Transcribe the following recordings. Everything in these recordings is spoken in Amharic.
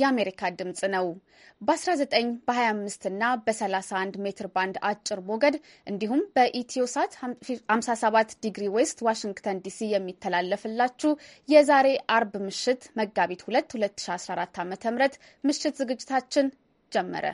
የአሜሪካ ድምፅ ነው። በ19 በ25 እና በ31 ሜትር ባንድ አጭር ሞገድ እንዲሁም በኢትዮሳት 57 ዲግሪ ዌስት ዋሽንግተን ዲሲ የሚተላለፍላችሁ የዛሬ አርብ ምሽት መጋቢት 2 2014 ዓ ም ምሽት ዝግጅታችን ጀመረ።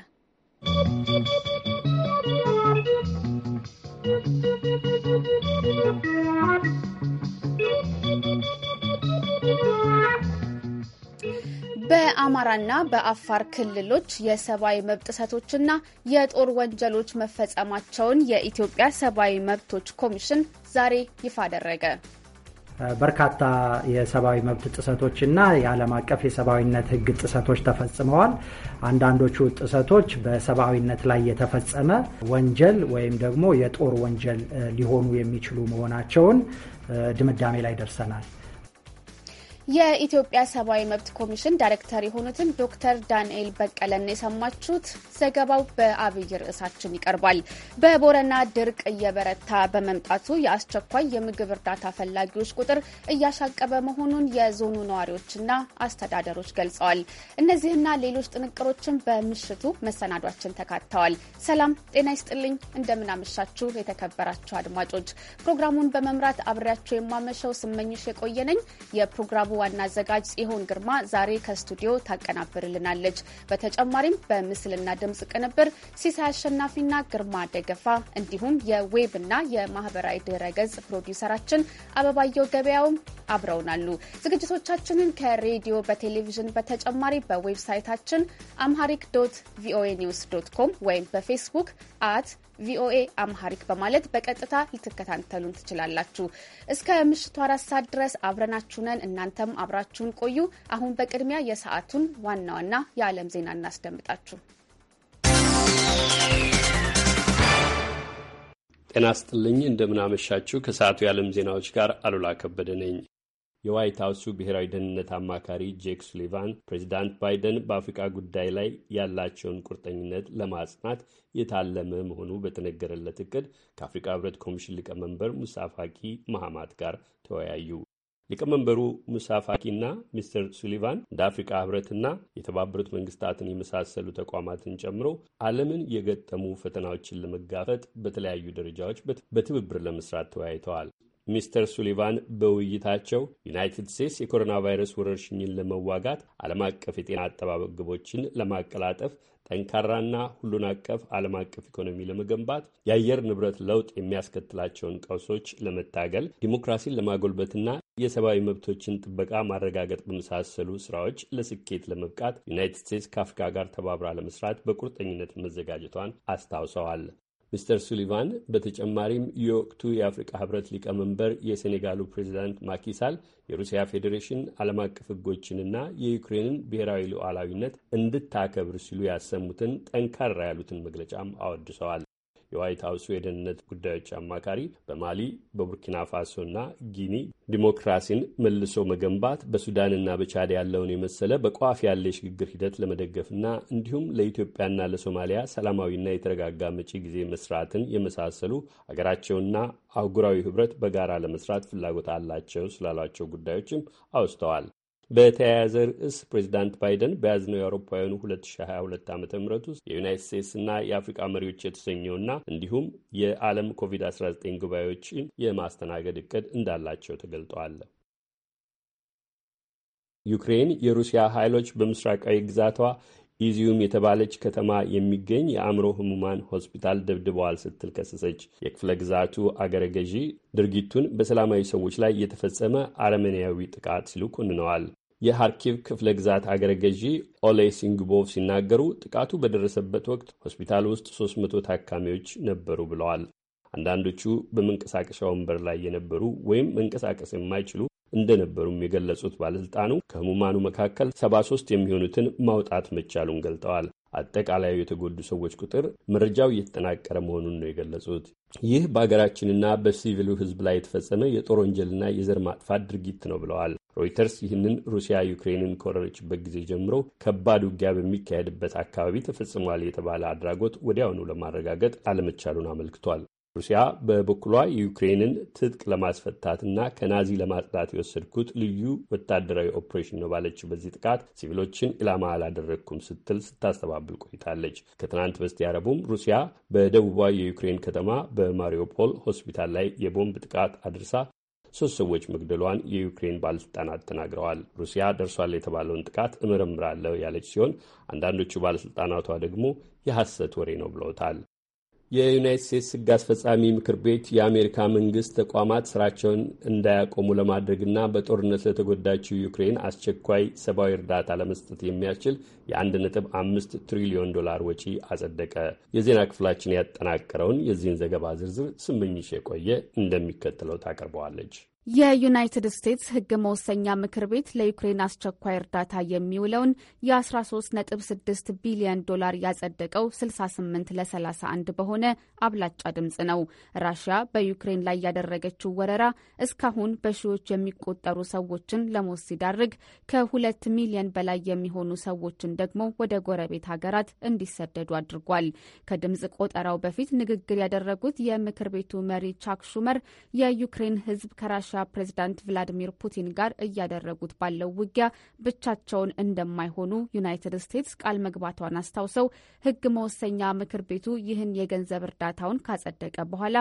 በአማራና በአፋር ክልሎች የሰብአዊ መብት ጥሰቶችና የጦር ወንጀሎች መፈጸማቸውን የኢትዮጵያ ሰብአዊ መብቶች ኮሚሽን ዛሬ ይፋ አደረገ። በርካታ የሰብአዊ መብት ጥሰቶችና የዓለም አቀፍ የሰብአዊነት ሕግ ጥሰቶች ተፈጽመዋል። አንዳንዶቹ ጥሰቶች በሰብአዊነት ላይ የተፈጸመ ወንጀል ወይም ደግሞ የጦር ወንጀል ሊሆኑ የሚችሉ መሆናቸውን ድምዳሜ ላይ ደርሰናል። የኢትዮጵያ ሰብአዊ መብት ኮሚሽን ዳይሬክተር የሆኑትን ዶክተር ዳንኤል በቀለን የሰማችሁት። ዘገባው በአብይ ርዕሳችን ይቀርባል። በቦረና ድርቅ እየበረታ በመምጣቱ የአስቸኳይ የምግብ እርዳታ ፈላጊዎች ቁጥር እያሻቀበ መሆኑን የዞኑ ነዋሪዎችና አስተዳደሮች ገልጸዋል። እነዚህና ሌሎች ጥንቅሮችን በምሽቱ መሰናዷችን ተካተዋል። ሰላም ጤና ይስጥልኝ። እንደምናመሻችሁ የተከበራችሁ አድማጮች፣ ፕሮግራሙን በመምራት አብሬያቸው የማመሸው ስመኝሽ የቆየነኝ የፕሮግራሙ ዋና አዘጋጅ ጽሆን ግርማ ዛሬ ከስቱዲዮ ታቀናብርልናለች። በተጨማሪም በምስልና ድምፅ ቅንብር ሲሳይ አሸናፊና ግርማ ደገፋ እንዲሁም የዌብና የማህበራዊ ድረ ገጽ ፕሮዲውሰራችን አበባየው ገበያውም አብረውናሉ። ዝግጅቶቻችንን ከሬዲዮ በቴሌቪዥን በተጨማሪ በዌብሳይታችን አምሃሪክ ዶት ቪኦኤ ኒውስ ዶት ኮም ወይም በፌስቡክ አት ቪኦኤ አምሃሪክ በማለት በቀጥታ ልትከታተሉን ትችላላችሁ። እስከ ምሽቱ አራት ሰዓት ድረስ አብረናችሁ ነን። እናንተም አብራችሁን ቆዩ። አሁን በቅድሚያ የሰዓቱን ዋና ዋና የዓለም ዜና እናስደምጣችሁ። ጤና ስጥልኝ፣ እንደምናመሻችሁ። ከሰዓቱ የዓለም ዜናዎች ጋር አሉላ ከበደ ነኝ። የዋይት ሀውሱ ብሔራዊ ደህንነት አማካሪ ጄክ ሱሊቫን ፕሬዚዳንት ባይደን በአፍሪካ ጉዳይ ላይ ያላቸውን ቁርጠኝነት ለማጽናት የታለመ መሆኑ በተነገረለት እቅድ ከአፍሪካ ህብረት ኮሚሽን ሊቀመንበር ሙሳፋቂ ፋቂ መሐማት ጋር ተወያዩ። ሊቀመንበሩ ሙሳፋቂና ሚስተር ሱሊቫን እንደ አፍሪካ ህብረትና የተባበሩት መንግስታትን የመሳሰሉ ተቋማትን ጨምሮ ዓለምን የገጠሙ ፈተናዎችን ለመጋፈጥ በተለያዩ ደረጃዎች በትብብር ለመስራት ተወያይተዋል። ሚስተር ሱሊቫን በውይይታቸው ዩናይትድ ስቴትስ የኮሮና ቫይረስ ወረርሽኝን ለመዋጋት ዓለም አቀፍ የጤና አጠባበቅ ግቦችን ለማቀላጠፍ ጠንካራና ሁሉን አቀፍ ዓለም አቀፍ ኢኮኖሚ ለመገንባት የአየር ንብረት ለውጥ የሚያስከትላቸውን ቀውሶች ለመታገል ዲሞክራሲን ለማጎልበትና የሰብአዊ መብቶችን ጥበቃ ማረጋገጥ በመሳሰሉ ስራዎች ለስኬት ለመብቃት ዩናይትድ ስቴትስ ከአፍሪካ ጋር ተባብራ ለመስራት በቁርጠኝነት መዘጋጀቷን አስታውሰዋል። ሚስተር ሱሊቫን በተጨማሪም የወቅቱ የአፍሪቃ ህብረት ሊቀመንበር የሴኔጋሉ ፕሬዚዳንት ማኪሳል የሩሲያ ፌዴሬሽን ዓለም አቀፍ ህጎችንና የዩክሬንን ብሔራዊ ሉዓላዊነት እንድታከብር ሲሉ ያሰሙትን ጠንካራ ያሉትን መግለጫም አወድሰዋል። የዋይት ሀውሱ የደህንነት ጉዳዮች አማካሪ በማሊ በቡርኪና ፋሶና ጊኒ ዲሞክራሲን መልሶ መገንባት በሱዳንና በቻድ ያለውን የመሰለ በቋፍ ያለ የሽግግር ሂደት ለመደገፍና እንዲሁም ለኢትዮጵያና ለሶማሊያ ሰላማዊና የተረጋጋ መጪ ጊዜ መስራትን የመሳሰሉ አገራቸውና አህጉራዊ ህብረት በጋራ ለመስራት ፍላጎት አላቸው ስላሏቸው ጉዳዮችም አውስተዋል። በተያያዘ ርዕስ ፕሬዚዳንት ባይደን በያዝነው የአውሮፓውያኑ 2022 ዓ ም ውስጥ የዩናይት ስቴትስና የአፍሪቃ መሪዎች የተሰኘውና እንዲሁም የዓለም ኮቪድ-19 ጉባኤዎችን የማስተናገድ እቅድ እንዳላቸው ተገልጠዋል። ዩክሬን የሩሲያ ኃይሎች በምስራቃዊ ግዛቷ ኢዚዩም የተባለች ከተማ የሚገኝ የአእምሮ ህሙማን ሆስፒታል ደብድበዋል ስትል ከሰሰች። የክፍለ ግዛቱ አገረ ገዢ ድርጊቱን በሰላማዊ ሰዎች ላይ የተፈጸመ አረመኔያዊ ጥቃት ሲሉ ኮንነዋል። የሃርኪቭ ክፍለ ግዛት አገረ ገዢ ኦሌ ሲንግቦቭ ሲናገሩ ጥቃቱ በደረሰበት ወቅት ሆስፒታል ውስጥ 300 ታካሚዎች ነበሩ ብለዋል። አንዳንዶቹ በመንቀሳቀሻ ወንበር ላይ የነበሩ ወይም መንቀሳቀስ የማይችሉ እንደነበሩም የገለጹት ባለሥልጣኑ ከህሙማኑ መካከል 73 የሚሆኑትን ማውጣት መቻሉን ገልጠዋል። አጠቃላዩ የተጎዱ ሰዎች ቁጥር መረጃው እየተጠናቀረ መሆኑን ነው የገለጹት። ይህ በሀገራችንና በሲቪሉ ህዝብ ላይ የተፈጸመ የጦር ወንጀልና የዘር ማጥፋት ድርጊት ነው ብለዋል። ሮይተርስ ይህንን ሩሲያ ዩክሬንን ከወረረችበት ጊዜ ጀምሮ ከባድ ውጊያ በሚካሄድበት አካባቢ ተፈጽሟል የተባለ አድራጎት ወዲያውኑ ለማረጋገጥ አለመቻሉን አመልክቷል። ሩሲያ በበኩሏ ዩክሬንን ትጥቅ ለማስፈታትና ከናዚ ለማጽዳት የወሰድኩት ልዩ ወታደራዊ ኦፕሬሽን ነው ባለች በዚህ ጥቃት ሲቪሎችን ኢላማ አላደረግኩም ስትል ስታስተባብል ቆይታለች። ከትናንት በስቲያ ረቡዕም ሩሲያ በደቡባዊ የዩክሬን ከተማ በማሪዮፖል ሆስፒታል ላይ የቦምብ ጥቃት አድርሳ ሶስት ሰዎች መግደሏን የዩክሬን ባለስልጣናት ተናግረዋል። ሩሲያ ደርሷል የተባለውን ጥቃት እመረምራለሁ ያለች ሲሆን አንዳንዶቹ ባለስልጣናቷ ደግሞ የሐሰት ወሬ ነው ብለውታል። የዩናይት ስቴትስ ሕግ አስፈጻሚ ምክር ቤት የአሜሪካ መንግስት ተቋማት ስራቸውን እንዳያቆሙ ለማድረግና በጦርነት ለተጎዳችው ዩክሬን አስቸኳይ ሰብአዊ እርዳታ ለመስጠት የሚያስችል የ1.5 ትሪሊዮን ዶላር ወጪ አጸደቀ። የዜና ክፍላችን ያጠናቀረውን የዚህን ዘገባ ዝርዝር ስምኝሽ የቆየ እንደሚከተለው ታቀርበዋለች። የዩናይትድ ስቴትስ ሕግ መወሰኛ ምክር ቤት ለዩክሬን አስቸኳይ እርዳታ የሚውለውን የ13.6 ቢሊዮን ዶላር ያጸደቀው 68 ለ31 በሆነ አብላጫ ድምፅ ነው። ራሽያ በዩክሬን ላይ ያደረገችው ወረራ እስካሁን በሺዎች የሚቆጠሩ ሰዎችን ለሞት ሲዳርግ ከሁለት ሚሊዮን በላይ የሚሆኑ ሰዎችን ደግሞ ወደ ጎረቤት ሀገራት እንዲሰደዱ አድርጓል። ከድምፅ ቆጠራው በፊት ንግግር ያደረጉት የምክር ቤቱ መሪ ቻክ ሹመር የዩክሬን ሕዝብ ከራሽያ ፕሬዚዳንት ቭላዲሚር ፑቲን ጋር እያደረጉት ባለው ውጊያ ብቻቸውን እንደማይሆኑ ዩናይትድ ስቴትስ ቃል መግባቷን አስታውሰው ሕግ መወሰኛ ምክር ቤቱ ይህን የገንዘብ እርዳታውን ካጸደቀ በኋላ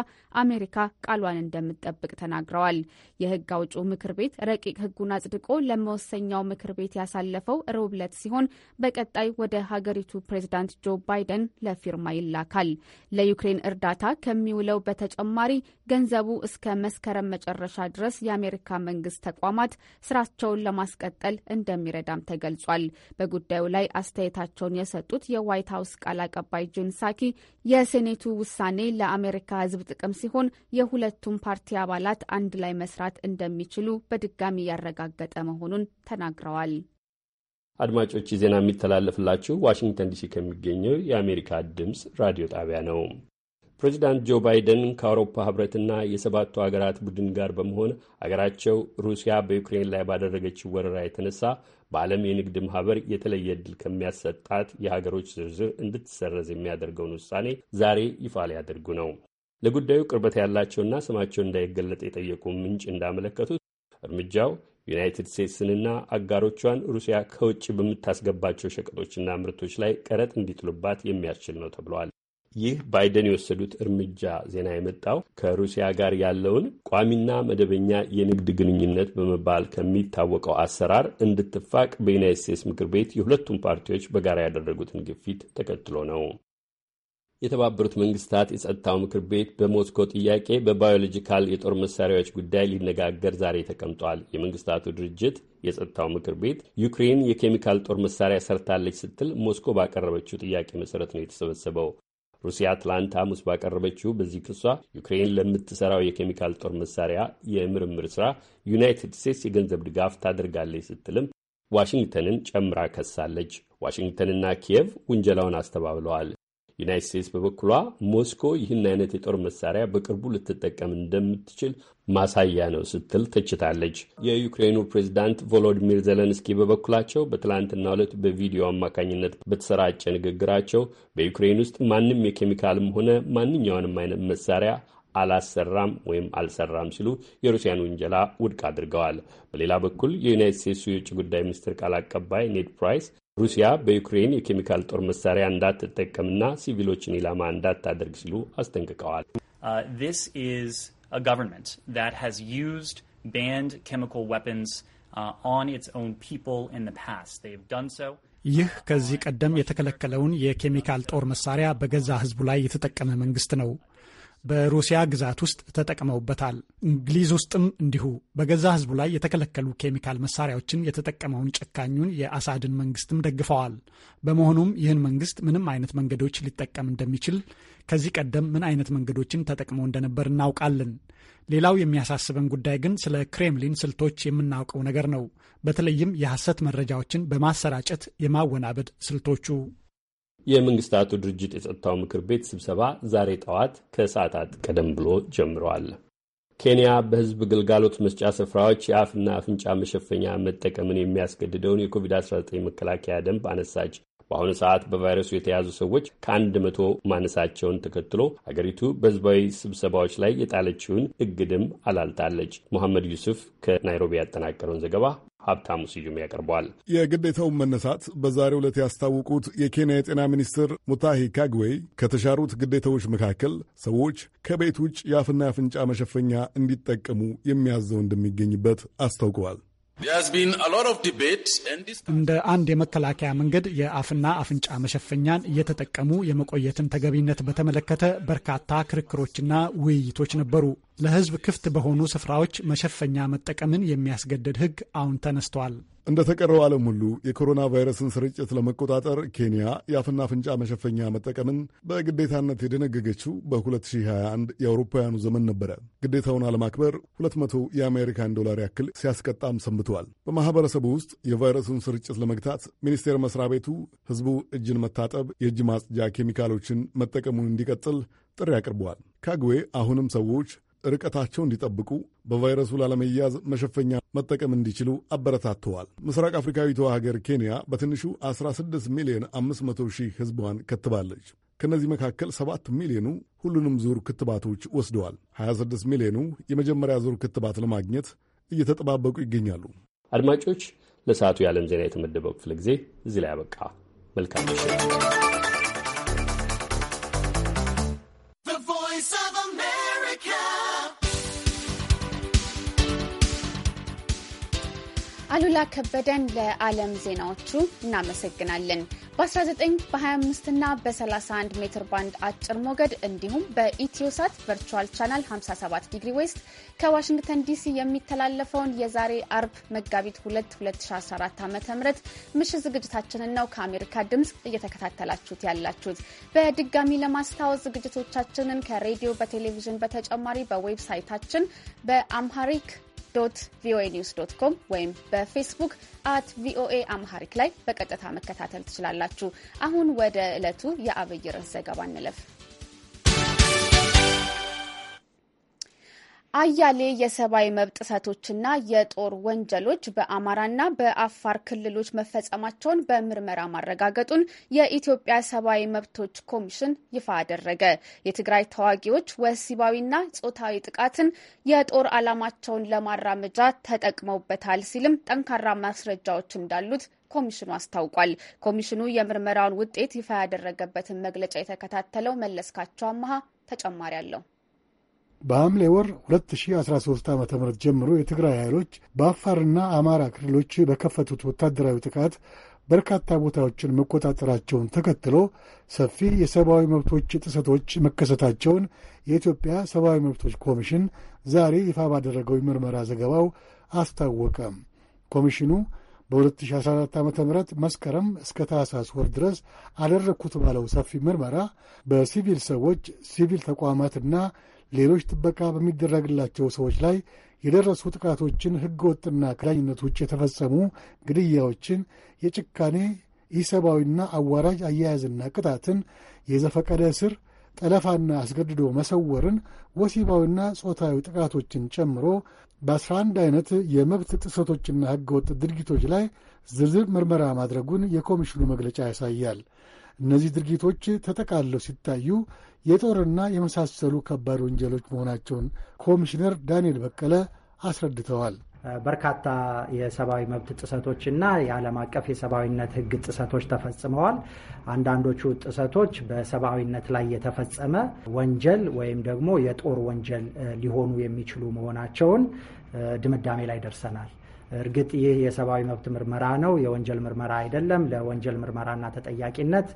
አሜሪካ ቃሏን እንደምትጠብቅ ተናግረዋል። የሕግ አውጪው ምክር ቤት ረቂቅ ሕጉን አጽድቆ ለመወሰኛው ምክር ቤት ያሳለፈው ረቡዕ ዕለት ሲሆን በቀጣይ ወደ ሀገሪቱ ፕሬዚዳንት ጆ ባይደን ለፊርማ ይላካል። ለዩክሬን እርዳታ ከሚውለው በተጨማሪ ገንዘቡ እስከ መስከረም መጨረሻ ድረስ የአሜሪካ መንግስት ተቋማት ስራቸውን ለማስቀጠል እንደሚረዳም ተገልጿል። በጉዳዩ ላይ አስተያየታቸውን የሰጡት የዋይት ሀውስ ቃል አቀባይ ጄን ሳኪ የሴኔቱ ውሳኔ ለአሜሪካ ሕዝብ ጥቅም ሲሆን የሁለቱም ፓርቲ አባላት አንድ ላይ መስራት እንደሚችሉ በድጋሚ ያረጋገጠ መሆኑን ተናግረዋል። አድማጮች ዜና የሚተላለፍላችሁ ዋሽንግተን ዲሲ ከሚገኘው የአሜሪካ ድምፅ ራዲዮ ጣቢያ ነው። ፕሬዚዳንት ጆ ባይደን ከአውሮፓ ህብረትና የሰባቱ ሀገራት ቡድን ጋር በመሆን አገራቸው ሩሲያ በዩክሬን ላይ ባደረገችው ወረራ የተነሳ በዓለም የንግድ ማህበር የተለየ እድል ከሚያሰጣት የሀገሮች ዝርዝር እንድትሰረዝ የሚያደርገውን ውሳኔ ዛሬ ይፋ ሊያደርጉ ነው። ለጉዳዩ ቅርበት ያላቸውና ስማቸው እንዳይገለጥ የጠየቁ ምንጭ እንዳመለከቱት እርምጃው ዩናይትድ ስቴትስንና አጋሮቿን ሩሲያ ከውጭ በምታስገባቸው ሸቀጦችና ምርቶች ላይ ቀረጥ እንዲጥሉባት የሚያስችል ነው ተብለዋል። ይህ ባይደን የወሰዱት እርምጃ ዜና የመጣው ከሩሲያ ጋር ያለውን ቋሚና መደበኛ የንግድ ግንኙነት በመባል ከሚታወቀው አሰራር እንድትፋቅ በዩናይት ስቴትስ ምክር ቤት የሁለቱም ፓርቲዎች በጋራ ያደረጉትን ግፊት ተከትሎ ነው። የተባበሩት መንግስታት የጸጥታው ምክር ቤት በሞስኮ ጥያቄ በባዮሎጂካል የጦር መሳሪያዎች ጉዳይ ሊነጋገር ዛሬ ተቀምጧል። የመንግስታቱ ድርጅት የጸጥታው ምክር ቤት ዩክሬን የኬሚካል ጦር መሳሪያ ሰርታለች ስትል ሞስኮ ባቀረበችው ጥያቄ መሰረት ነው የተሰበሰበው። ሩሲያ ትላንት ሐሙስ ባቀረበችው በዚህ ክሷ ዩክሬን ለምትሰራው የኬሚካል ጦር መሳሪያ የምርምር ስራ ዩናይትድ ስቴትስ የገንዘብ ድጋፍ ታደርጋለች ስትልም ዋሽንግተንን ጨምራ ከሳለች። ዋሽንግተንና ኪየቭ ውንጀላውን አስተባብለዋል። ዩናይት ስቴትስ በበኩሏ ሞስኮ ይህን አይነት የጦር መሳሪያ በቅርቡ ልትጠቀም እንደምትችል ማሳያ ነው ስትል ተችታለች። የዩክሬኑ ፕሬዚዳንት ቮሎዲሚር ዘለንስኪ በበኩላቸው በትላንትና ዕለት በቪዲዮ አማካኝነት በተሰራጨ ንግግራቸው በዩክሬን ውስጥ ማንም የኬሚካልም ሆነ ማንኛውንም አይነት መሳሪያ አላሰራም ወይም አልሰራም ሲሉ የሩሲያን ውንጀላ ውድቅ አድርገዋል። በሌላ በኩል የዩናይት ስቴትሱ የውጭ ጉዳይ ሚኒስትር ቃል አቀባይ ኔድ ፕራይስ ሩሲያ በዩክሬን የኬሚካል ጦር መሳሪያ እንዳትጠቀምና ሲቪሎችን ኢላማ እንዳታደርግ ሲሉ አስጠንቅቀዋል። ይህ ከዚህ ቀደም የተከለከለውን የኬሚካል ጦር መሳሪያ በገዛ ሕዝቡ ላይ የተጠቀመ መንግስት ነው። በሩሲያ ግዛት ውስጥ ተጠቅመውበታል። እንግሊዝ ውስጥም እንዲሁ በገዛ ህዝቡ ላይ የተከለከሉ ኬሚካል መሳሪያዎችን የተጠቀመውን ጨካኙን የአሳድን መንግስትም ደግፈዋል። በመሆኑም ይህን መንግስት ምንም አይነት መንገዶች ሊጠቀም እንደሚችል ከዚህ ቀደም ምን አይነት መንገዶችን ተጠቅመው እንደነበር እናውቃለን። ሌላው የሚያሳስበን ጉዳይ ግን ስለ ክሬምሊን ስልቶች የምናውቀው ነገር ነው። በተለይም የሐሰት መረጃዎችን በማሰራጨት የማወናበድ ስልቶቹ የመንግስታቱ ድርጅት የጸጥታው ምክር ቤት ስብሰባ ዛሬ ጠዋት ከሰዓታት ቀደም ብሎ ጀምረዋል። ኬንያ በህዝብ ግልጋሎት መስጫ ስፍራዎች የአፍና አፍንጫ መሸፈኛ መጠቀምን የሚያስገድደውን የኮቪድ-19 መከላከያ ደንብ አነሳች። በአሁኑ ሰዓት በቫይረሱ የተያዙ ሰዎች ከአንድ መቶ ማነሳቸውን ተከትሎ አገሪቱ በህዝባዊ ስብሰባዎች ላይ የጣለችውን እግድም አላልታለች። መሐመድ ዩሱፍ ከናይሮቢ ያጠናቀረውን ዘገባ ሀብታሙ ስዩም ያቀርበዋል። የግዴታውን መነሳት በዛሬው ዕለት ያስታወቁት የኬንያ የጤና ሚኒስትር ሙታሂ ካግዌይ ከተሻሩት ግዴታዎች መካከል ሰዎች ከቤት ውጭ የአፍና አፍንጫ መሸፈኛ እንዲጠቀሙ የሚያዘው እንደሚገኝበት አስታውቀዋል። እንደ አንድ የመከላከያ መንገድ የአፍና አፍንጫ መሸፈኛን እየተጠቀሙ የመቆየትን ተገቢነት በተመለከተ በርካታ ክርክሮችና ውይይቶች ነበሩ። ለሕዝብ ክፍት በሆኑ ስፍራዎች መሸፈኛ መጠቀምን የሚያስገድድ ሕግ አሁን ተነስቷል። እንደ ተቀረው ዓለም ሁሉ የኮሮና ቫይረስን ስርጭት ለመቆጣጠር ኬንያ የአፍና አፍንጫ መሸፈኛ መጠቀምን በግዴታነት የደነገገችው በ2021 የአውሮፓውያኑ ዘመን ነበረ። ግዴታውን አለማክበር 200 የአሜሪካን ዶላር ያክል ሲያስቀጣም ሰንብተዋል። በማኅበረሰቡ ውስጥ የቫይረሱን ስርጭት ለመግታት ሚኒስቴር መስሪያ ቤቱ ሕዝቡ እጅን መታጠብ፣ የእጅ ማጽጃ ኬሚካሎችን መጠቀሙን እንዲቀጥል ጥሪ አቅርበዋል። ካግዌ አሁንም ሰዎች ርቀታቸውን እንዲጠብቁ፣ በቫይረሱ ላለመያዝ መሸፈኛ መጠቀም እንዲችሉ አበረታተዋል። ምስራቅ አፍሪካዊቷ ሀገር ኬንያ በትንሹ 16 ሚሊዮን 500 ሺህ ሕዝቧን ከትባለች። ከእነዚህ መካከል 7 ሚሊዮኑ ሁሉንም ዙር ክትባቶች ወስደዋል። 26 ሚሊዮኑ የመጀመሪያ ዙር ክትባት ለማግኘት እየተጠባበቁ ይገኛሉ። አድማጮች፣ ለሰዓቱ የዓለም ዜና የተመደበው ክፍለ ጊዜ እዚህ ላይ አበቃ። መልካም አሉላ ከበደን ለዓለም ዜናዎቹ እናመሰግናለን። በ19 በ25 እና በ31 ሜትር ባንድ አጭር ሞገድ እንዲሁም በኢትዮሳት ቨርቹዋል ቻናል 57 ዲግሪ ዌስት ከዋሽንግተን ዲሲ የሚተላለፈውን የዛሬ አርብ መጋቢት 2 2014 ዓ ም ምሽት ዝግጅታችንን ነው ከአሜሪካ ድምፅ እየተከታተላችሁት ያላችሁት። በድጋሚ ለማስታወስ ዝግጅቶቻችንን ከሬዲዮ በቴሌቪዥን በተጨማሪ በዌብሳይታችን በአምሃሪክ ዶት ቪኦኤ ኒውስ ዶት ኮም ወይም በፌስቡክ አት ቪኦኤ አምሃሪክ ላይ በቀጥታ መከታተል ትችላላችሁ። አሁን ወደ ዕለቱ የአብይ ርዕስ ዘገባ እንለፍ። አያሌ የሰብአዊ መብት ጥሰቶችና የጦር ወንጀሎች በአማራና በአፋር ክልሎች መፈጸማቸውን በምርመራ ማረጋገጡን የኢትዮጵያ ሰብአዊ መብቶች ኮሚሽን ይፋ አደረገ። የትግራይ ተዋጊዎች ወሲባዊና ጾታዊ ጥቃትን የጦር ዓላማቸውን ለማራመጃ ተጠቅመውበታል ሲልም ጠንካራ ማስረጃዎች እንዳሉት ኮሚሽኑ አስታውቋል። ኮሚሽኑ የምርመራውን ውጤት ይፋ ያደረገበትን መግለጫ የተከታተለው መለስካቸው አመሃ ተጨማሪ አለው። በሐምሌ ወር 2013 ዓ ም ጀምሮ የትግራይ ኃይሎች በአፋርና አማራ ክልሎች በከፈቱት ወታደራዊ ጥቃት በርካታ ቦታዎችን መቆጣጠራቸውን ተከትሎ ሰፊ የሰብአዊ መብቶች ጥሰቶች መከሰታቸውን የኢትዮጵያ ሰብአዊ መብቶች ኮሚሽን ዛሬ ይፋ ባደረገው የምርመራ ዘገባው አስታወቀ። ኮሚሽኑ በ2014 ዓ ም መስከረም እስከ ታህሳስ ወር ድረስ አደረግኩት ባለው ሰፊ ምርመራ በሲቪል ሰዎች፣ ሲቪል ተቋማትና ሌሎች ጥበቃ በሚደረግላቸው ሰዎች ላይ የደረሱ ጥቃቶችን፣ ሕገወጥና ከዳኝነት ውጭ የተፈጸሙ ግድያዎችን፣ የጭካኔ ኢሰብአዊና አዋራጅ አያያዝና ቅጣትን፣ የዘፈቀደ እስር፣ ጠለፋና አስገድዶ መሰወርን፣ ወሲባዊና ጾታዊ ጥቃቶችን ጨምሮ በ11 አይነት የመብት ጥሰቶችና ሕገወጥ ድርጊቶች ላይ ዝርዝር ምርመራ ማድረጉን የኮሚሽኑ መግለጫ ያሳያል። እነዚህ ድርጊቶች ተጠቃለው ሲታዩ የጦርና የመሳሰሉ ከባድ ወንጀሎች መሆናቸውን ኮሚሽነር ዳንኤል በቀለ አስረድተዋል። በርካታ የሰብአዊ መብት ጥሰቶችና የዓለም አቀፍ የሰብአዊነት ሕግ ጥሰቶች ተፈጽመዋል። አንዳንዶቹ ጥሰቶች በሰብአዊነት ላይ የተፈጸመ ወንጀል ወይም ደግሞ የጦር ወንጀል ሊሆኑ የሚችሉ መሆናቸውን ድምዳሜ ላይ ደርሰናል። እርግጥ ይህ የሰብአዊ መብት ምርመራ ነው፣ የወንጀል ምርመራ አይደለም። ለወንጀል ምርመራና ተጠያቂነት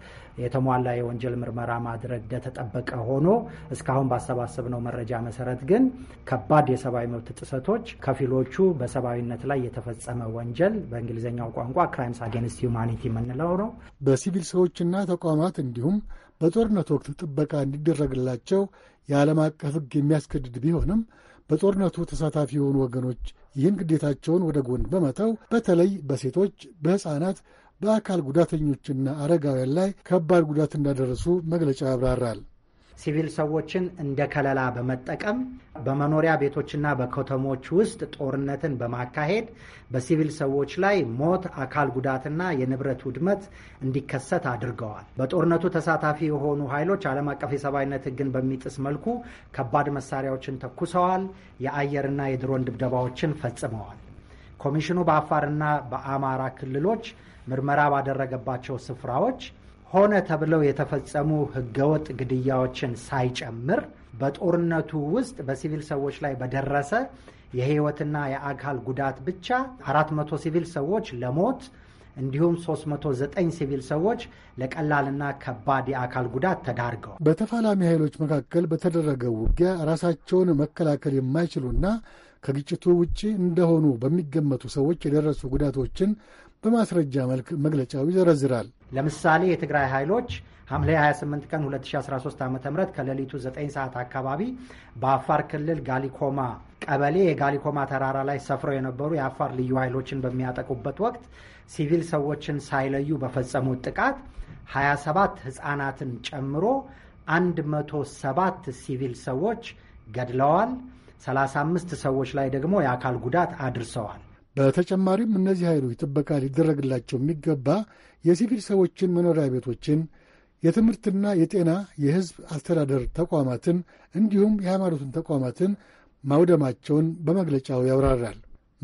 የተሟላ የወንጀል ምርመራ ማድረግ እንደተጠበቀ ሆኖ እስካሁን ባሰባሰብነው መረጃ መሰረት ግን ከባድ የሰብአዊ መብት ጥሰቶች፣ ከፊሎቹ በሰብአዊነት ላይ የተፈጸመ ወንጀል በእንግሊዝኛው ቋንቋ ክራይምስ አጌንስት ሁማኒቲ የምንለው ነው። በሲቪል ሰዎችና ተቋማት እንዲሁም በጦርነት ወቅት ጥበቃ እንዲደረግላቸው የዓለም አቀፍ ሕግ የሚያስገድድ ቢሆንም በጦርነቱ ተሳታፊ የሆኑ ወገኖች ይህን ግዴታቸውን ወደ ጎን በመተው በተለይ በሴቶች፣ በሕፃናት፣ በአካል ጉዳተኞችና አረጋውያን ላይ ከባድ ጉዳት እንዳደረሱ መግለጫ ያብራራል። ሲቪል ሰዎችን እንደ ከለላ በመጠቀም በመኖሪያ ቤቶችና በከተሞች ውስጥ ጦርነትን በማካሄድ በሲቪል ሰዎች ላይ ሞት፣ አካል ጉዳትና የንብረት ውድመት እንዲከሰት አድርገዋል። በጦርነቱ ተሳታፊ የሆኑ ኃይሎች ዓለም አቀፍ የሰብአዊነት ሕግን በሚጥስ መልኩ ከባድ መሳሪያዎችን ተኩሰዋል። የአየርና የድሮን ድብደባዎችን ፈጽመዋል። ኮሚሽኑ በአፋርና በአማራ ክልሎች ምርመራ ባደረገባቸው ስፍራዎች ሆነ ተብለው የተፈጸሙ ህገወጥ ግድያዎችን ሳይጨምር በጦርነቱ ውስጥ በሲቪል ሰዎች ላይ በደረሰ የህይወትና የአካል ጉዳት ብቻ 400 ሲቪል ሰዎች ለሞት እንዲሁም 309 ሲቪል ሰዎች ለቀላልና ከባድ የአካል ጉዳት ተዳርገዋል። በተፋላሚ ኃይሎች መካከል በተደረገ ውጊያ ራሳቸውን መከላከል የማይችሉና ከግጭቱ ውጪ እንደሆኑ በሚገመቱ ሰዎች የደረሱ ጉዳቶችን በማስረጃ መልክ መግለጫው ይዘረዝራል። ለምሳሌ የትግራይ ኃይሎች ሐምሌ 28 ቀን 2013 ዓ ም ከሌሊቱ 9 ሰዓት አካባቢ በአፋር ክልል ጋሊኮማ ቀበሌ የጋሊኮማ ተራራ ላይ ሰፍረው የነበሩ የአፋር ልዩ ኃይሎችን በሚያጠቁበት ወቅት ሲቪል ሰዎችን ሳይለዩ በፈጸሙት ጥቃት 27 ሕፃናትን ጨምሮ 107 ሲቪል ሰዎች ገድለዋል። 35 ሰዎች ላይ ደግሞ የአካል ጉዳት አድርሰዋል። በተጨማሪም እነዚህ ኃይሎች ጥበቃ ሊደረግላቸው የሚገባ የሲቪል ሰዎችን መኖሪያ ቤቶችን፣ የትምህርትና የጤና የሕዝብ አስተዳደር ተቋማትን እንዲሁም የሃይማኖትን ተቋማትን ማውደማቸውን በመግለጫው ያብራራል።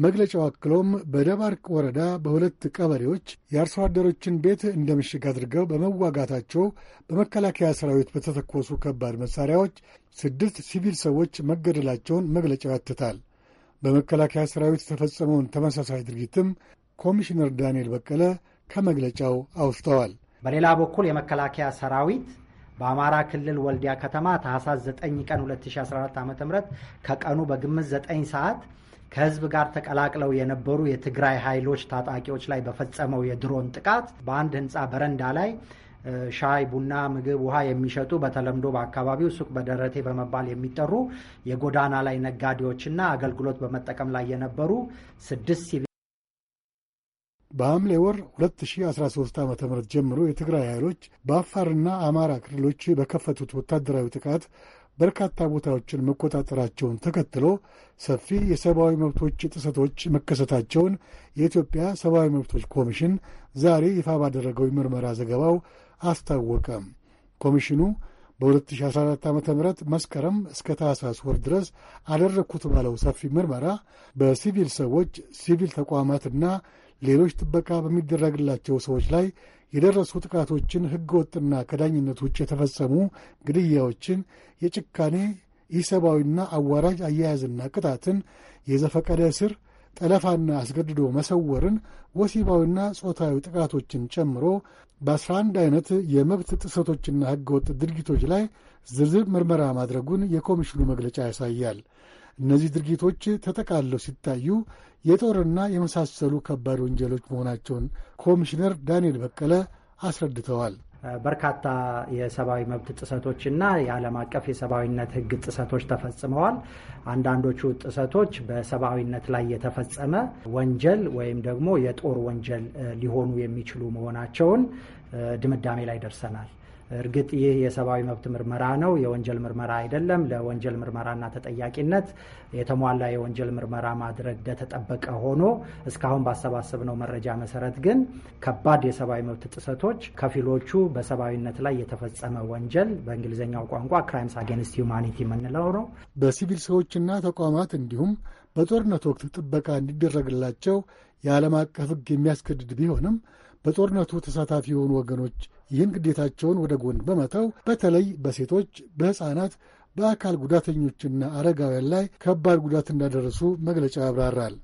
መግለጫው አክሎም በደባርቅ ወረዳ በሁለት ቀበሌዎች የአርሶ አደሮችን ቤት እንደ ምሽግ አድርገው በመዋጋታቸው በመከላከያ ሰራዊት በተተኮሱ ከባድ መሣሪያዎች ስድስት ሲቪል ሰዎች መገደላቸውን መግለጫው ያትታል። በመከላከያ ሰራዊት የተፈጸመውን ተመሳሳይ ድርጊትም ኮሚሽነር ዳንኤል በቀለ ከመግለጫው አውስተዋል። በሌላ በኩል የመከላከያ ሰራዊት በአማራ ክልል ወልዲያ ከተማ ታህሳስ 9 ቀን 2014 ዓ ም ከቀኑ በግምት 9 ሰዓት ከህዝብ ጋር ተቀላቅለው የነበሩ የትግራይ ኃይሎች ታጣቂዎች ላይ በፈጸመው የድሮን ጥቃት በአንድ ህንፃ በረንዳ ላይ ሻይ፣ ቡና፣ ምግብ፣ ውሃ የሚሸጡ በተለምዶ በአካባቢው ሱቅ በደረቴ በመባል የሚጠሩ የጎዳና ላይ ነጋዴዎችና አገልግሎት በመጠቀም ላይ የነበሩ ስድስት በሐምሌ ወር 2013 ዓ ም ጀምሮ የትግራይ ኃይሎች በአፋርና አማራ ክልሎች በከፈቱት ወታደራዊ ጥቃት በርካታ ቦታዎችን መቆጣጠራቸውን ተከትሎ ሰፊ የሰብአዊ መብቶች ጥሰቶች መከሰታቸውን የኢትዮጵያ ሰብአዊ መብቶች ኮሚሽን ዛሬ ይፋ ባደረገው የምርመራ ዘገባው አስታወቀም። ኮሚሽኑ በ2014 ዓ ም መስከረም እስከ ታህሳስ ወር ድረስ አደረግኩት ባለው ሰፊ ምርመራ በሲቪል ሰዎች፣ ሲቪል ተቋማትና ሌሎች ጥበቃ በሚደረግላቸው ሰዎች ላይ የደረሱ ጥቃቶችን፣ ህገወጥና ከዳኝነት ውጭ የተፈጸሙ ግድያዎችን፣ የጭካኔ ኢሰብአዊና አዋራጅ አያያዝና ቅጣትን፣ የዘፈቀደ እስር፣ ጠለፋና አስገድዶ መሰወርን፣ ወሲባዊና ጾታዊ ጥቃቶችን ጨምሮ በአስራ አንድ አይነት የመብት ጥሰቶችና ህገወጥ ድርጊቶች ላይ ዝርዝር ምርመራ ማድረጉን የኮሚሽኑ መግለጫ ያሳያል። እነዚህ ድርጊቶች ተጠቃለው ሲታዩ የጦርና የመሳሰሉ ከባድ ወንጀሎች መሆናቸውን ኮሚሽነር ዳንኤል በቀለ አስረድተዋል። በርካታ የሰብአዊ መብት ጥሰቶችና የዓለም አቀፍ የሰብአዊነት ሕግ ጥሰቶች ተፈጽመዋል። አንዳንዶቹ ጥሰቶች በሰብአዊነት ላይ የተፈጸመ ወንጀል ወይም ደግሞ የጦር ወንጀል ሊሆኑ የሚችሉ መሆናቸውን ድምዳሜ ላይ ደርሰናል። እርግጥ ይህ የሰብአዊ መብት ምርመራ ነው፣ የወንጀል ምርመራ አይደለም። ለወንጀል ምርመራና ተጠያቂነት የተሟላ የወንጀል ምርመራ ማድረግ እንደተጠበቀ ሆኖ እስካሁን ባሰባሰብነው መረጃ መሰረት ግን ከባድ የሰብአዊ መብት ጥሰቶች፣ ከፊሎቹ በሰብአዊነት ላይ የተፈጸመ ወንጀል በእንግሊዝኛው ቋንቋ ክራይምስ አጌንስት ሁማኒቲ የምንለው ነው። በሲቪል ሰዎችና ተቋማት እንዲሁም በጦርነት ወቅት ጥበቃ እንዲደረግላቸው የዓለም አቀፍ ሕግ የሚያስገድድ ቢሆንም በጦርነቱ ተሳታፊ የሆኑ ወገኖች ይህን ግዴታቸውን ወደ ጎን በመተው በተለይ በሴቶች፣ በሕፃናት፣ በአካል ጉዳተኞችና አረጋውያን ላይ ከባድ ጉዳት እንዳደረሱ መግለጫው ያብራራል።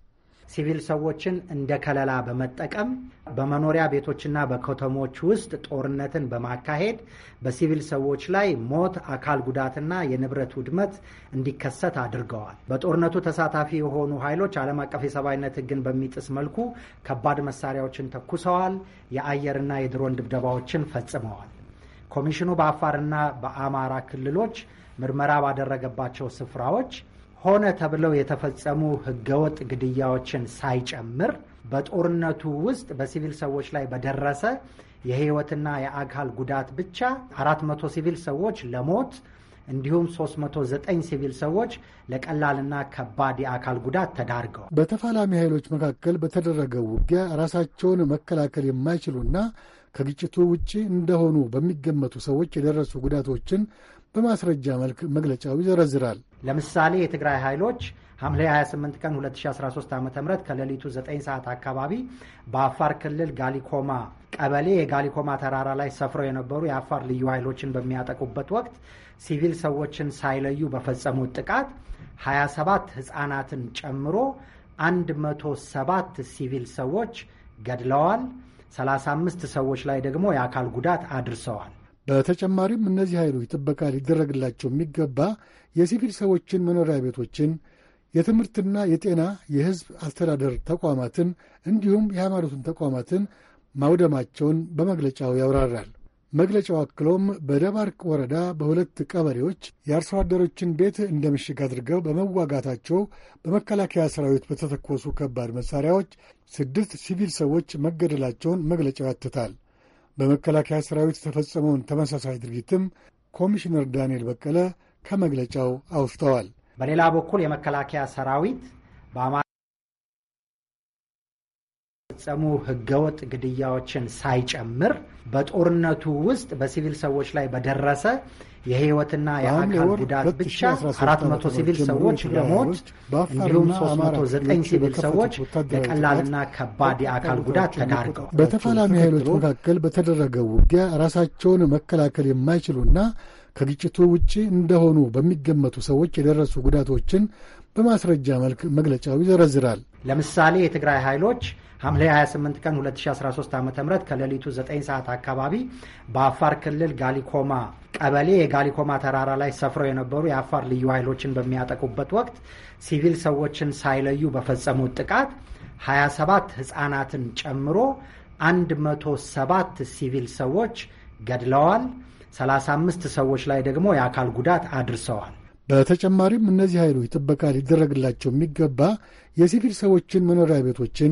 ሲቪል ሰዎችን እንደ ከለላ በመጠቀም በመኖሪያ ቤቶችና በከተሞች ውስጥ ጦርነትን በማካሄድ በሲቪል ሰዎች ላይ ሞት፣ አካል ጉዳትና የንብረት ውድመት እንዲከሰት አድርገዋል። በጦርነቱ ተሳታፊ የሆኑ ኃይሎች ዓለም አቀፍ የሰብአዊነት ሕግን በሚጥስ መልኩ ከባድ መሳሪያዎችን ተኩሰዋል፣ የአየርና የድሮን ድብደባዎችን ፈጽመዋል። ኮሚሽኑ በአፋርና በአማራ ክልሎች ምርመራ ባደረገባቸው ስፍራዎች ሆነ ተብለው የተፈጸሙ ህገወጥ ግድያዎችን ሳይጨምር በጦርነቱ ውስጥ በሲቪል ሰዎች ላይ በደረሰ የህይወትና የአካል ጉዳት ብቻ 400 ሲቪል ሰዎች ለሞት እንዲሁም 309 ሲቪል ሰዎች ለቀላልና ከባድ የአካል ጉዳት ተዳርገዋል። በተፋላሚ ኃይሎች መካከል በተደረገው ውጊያ ራሳቸውን መከላከል የማይችሉና ከግጭቱ ውጪ እንደሆኑ በሚገመቱ ሰዎች የደረሱ ጉዳቶችን በማስረጃ መልክ መግለጫው ይዘረዝራል። ለምሳሌ የትግራይ ኃይሎች ሐምሌ 28 ቀን 2013 ዓ ም ከሌሊቱ 9 ሰዓት አካባቢ በአፋር ክልል ጋሊኮማ ቀበሌ የጋሊኮማ ተራራ ላይ ሰፍረው የነበሩ የአፋር ልዩ ኃይሎችን በሚያጠቁበት ወቅት ሲቪል ሰዎችን ሳይለዩ በፈጸሙት ጥቃት 27 ሕፃናትን ጨምሮ 107 ሲቪል ሰዎች ገድለዋል። 35 ሰዎች ላይ ደግሞ የአካል ጉዳት አድርሰዋል። በተጨማሪም እነዚህ ኃይሎች ጥበቃ ሊደረግላቸው የሚገባ የሲቪል ሰዎችን መኖሪያ ቤቶችን፣ የትምህርትና የጤና የሕዝብ አስተዳደር ተቋማትን እንዲሁም የሃይማኖትን ተቋማትን ማውደማቸውን በመግለጫው ያብራራል። መግለጫው አክሎም በደባርቅ ወረዳ በሁለት ቀበሌዎች የአርሶ አደሮችን ቤት እንደ ምሽግ አድርገው በመዋጋታቸው በመከላከያ ሰራዊት በተተኮሱ ከባድ መሣሪያዎች ስድስት ሲቪል ሰዎች መገደላቸውን መግለጫው ያትታል። በመከላከያ ሰራዊት የተፈጸመውን ተመሳሳይ ድርጊትም ኮሚሽነር ዳንኤል በቀለ ከመግለጫው አውስተዋል። በሌላ በኩል የመከላከያ ሰራዊት በአማ ህገወጥ ግድያዎችን ሳይጨምር በጦርነቱ ውስጥ በሲቪል ሰዎች ላይ በደረሰ የህይወትና የአካል ጉዳት ብቻ 400 ሲቪል ሰዎች ለሞት እንዲሁም 309 ሲቪል ሰዎች ለቀላልና ከባድ የአካል ጉዳት ተዳርገው በተፋላሚ ኃይሎች መካከል በተደረገው ውጊያ ራሳቸውን መከላከል የማይችሉና ከግጭቱ ውጪ እንደሆኑ በሚገመቱ ሰዎች የደረሱ ጉዳቶችን በማስረጃ መልክ መግለጫው ይዘረዝራል። ለምሳሌ የትግራይ ኃይሎች ሐምሌ 28 ቀን 2013 ዓ ም ከሌሊቱ 9 ሰዓት አካባቢ በአፋር ክልል ጋሊኮማ ቀበሌ የጋሊኮማ ተራራ ላይ ሰፍረው የነበሩ የአፋር ልዩ ኃይሎችን በሚያጠቁበት ወቅት ሲቪል ሰዎችን ሳይለዩ በፈጸሙት ጥቃት 27 ሕፃናትን ጨምሮ 107 ሲቪል ሰዎች ገድለዋል። 35 ሰዎች ላይ ደግሞ የአካል ጉዳት አድርሰዋል። በተጨማሪም እነዚህ ኃይሎች ጥበቃ ሊደረግላቸው የሚገባ የሲቪል ሰዎችን መኖሪያ ቤቶችን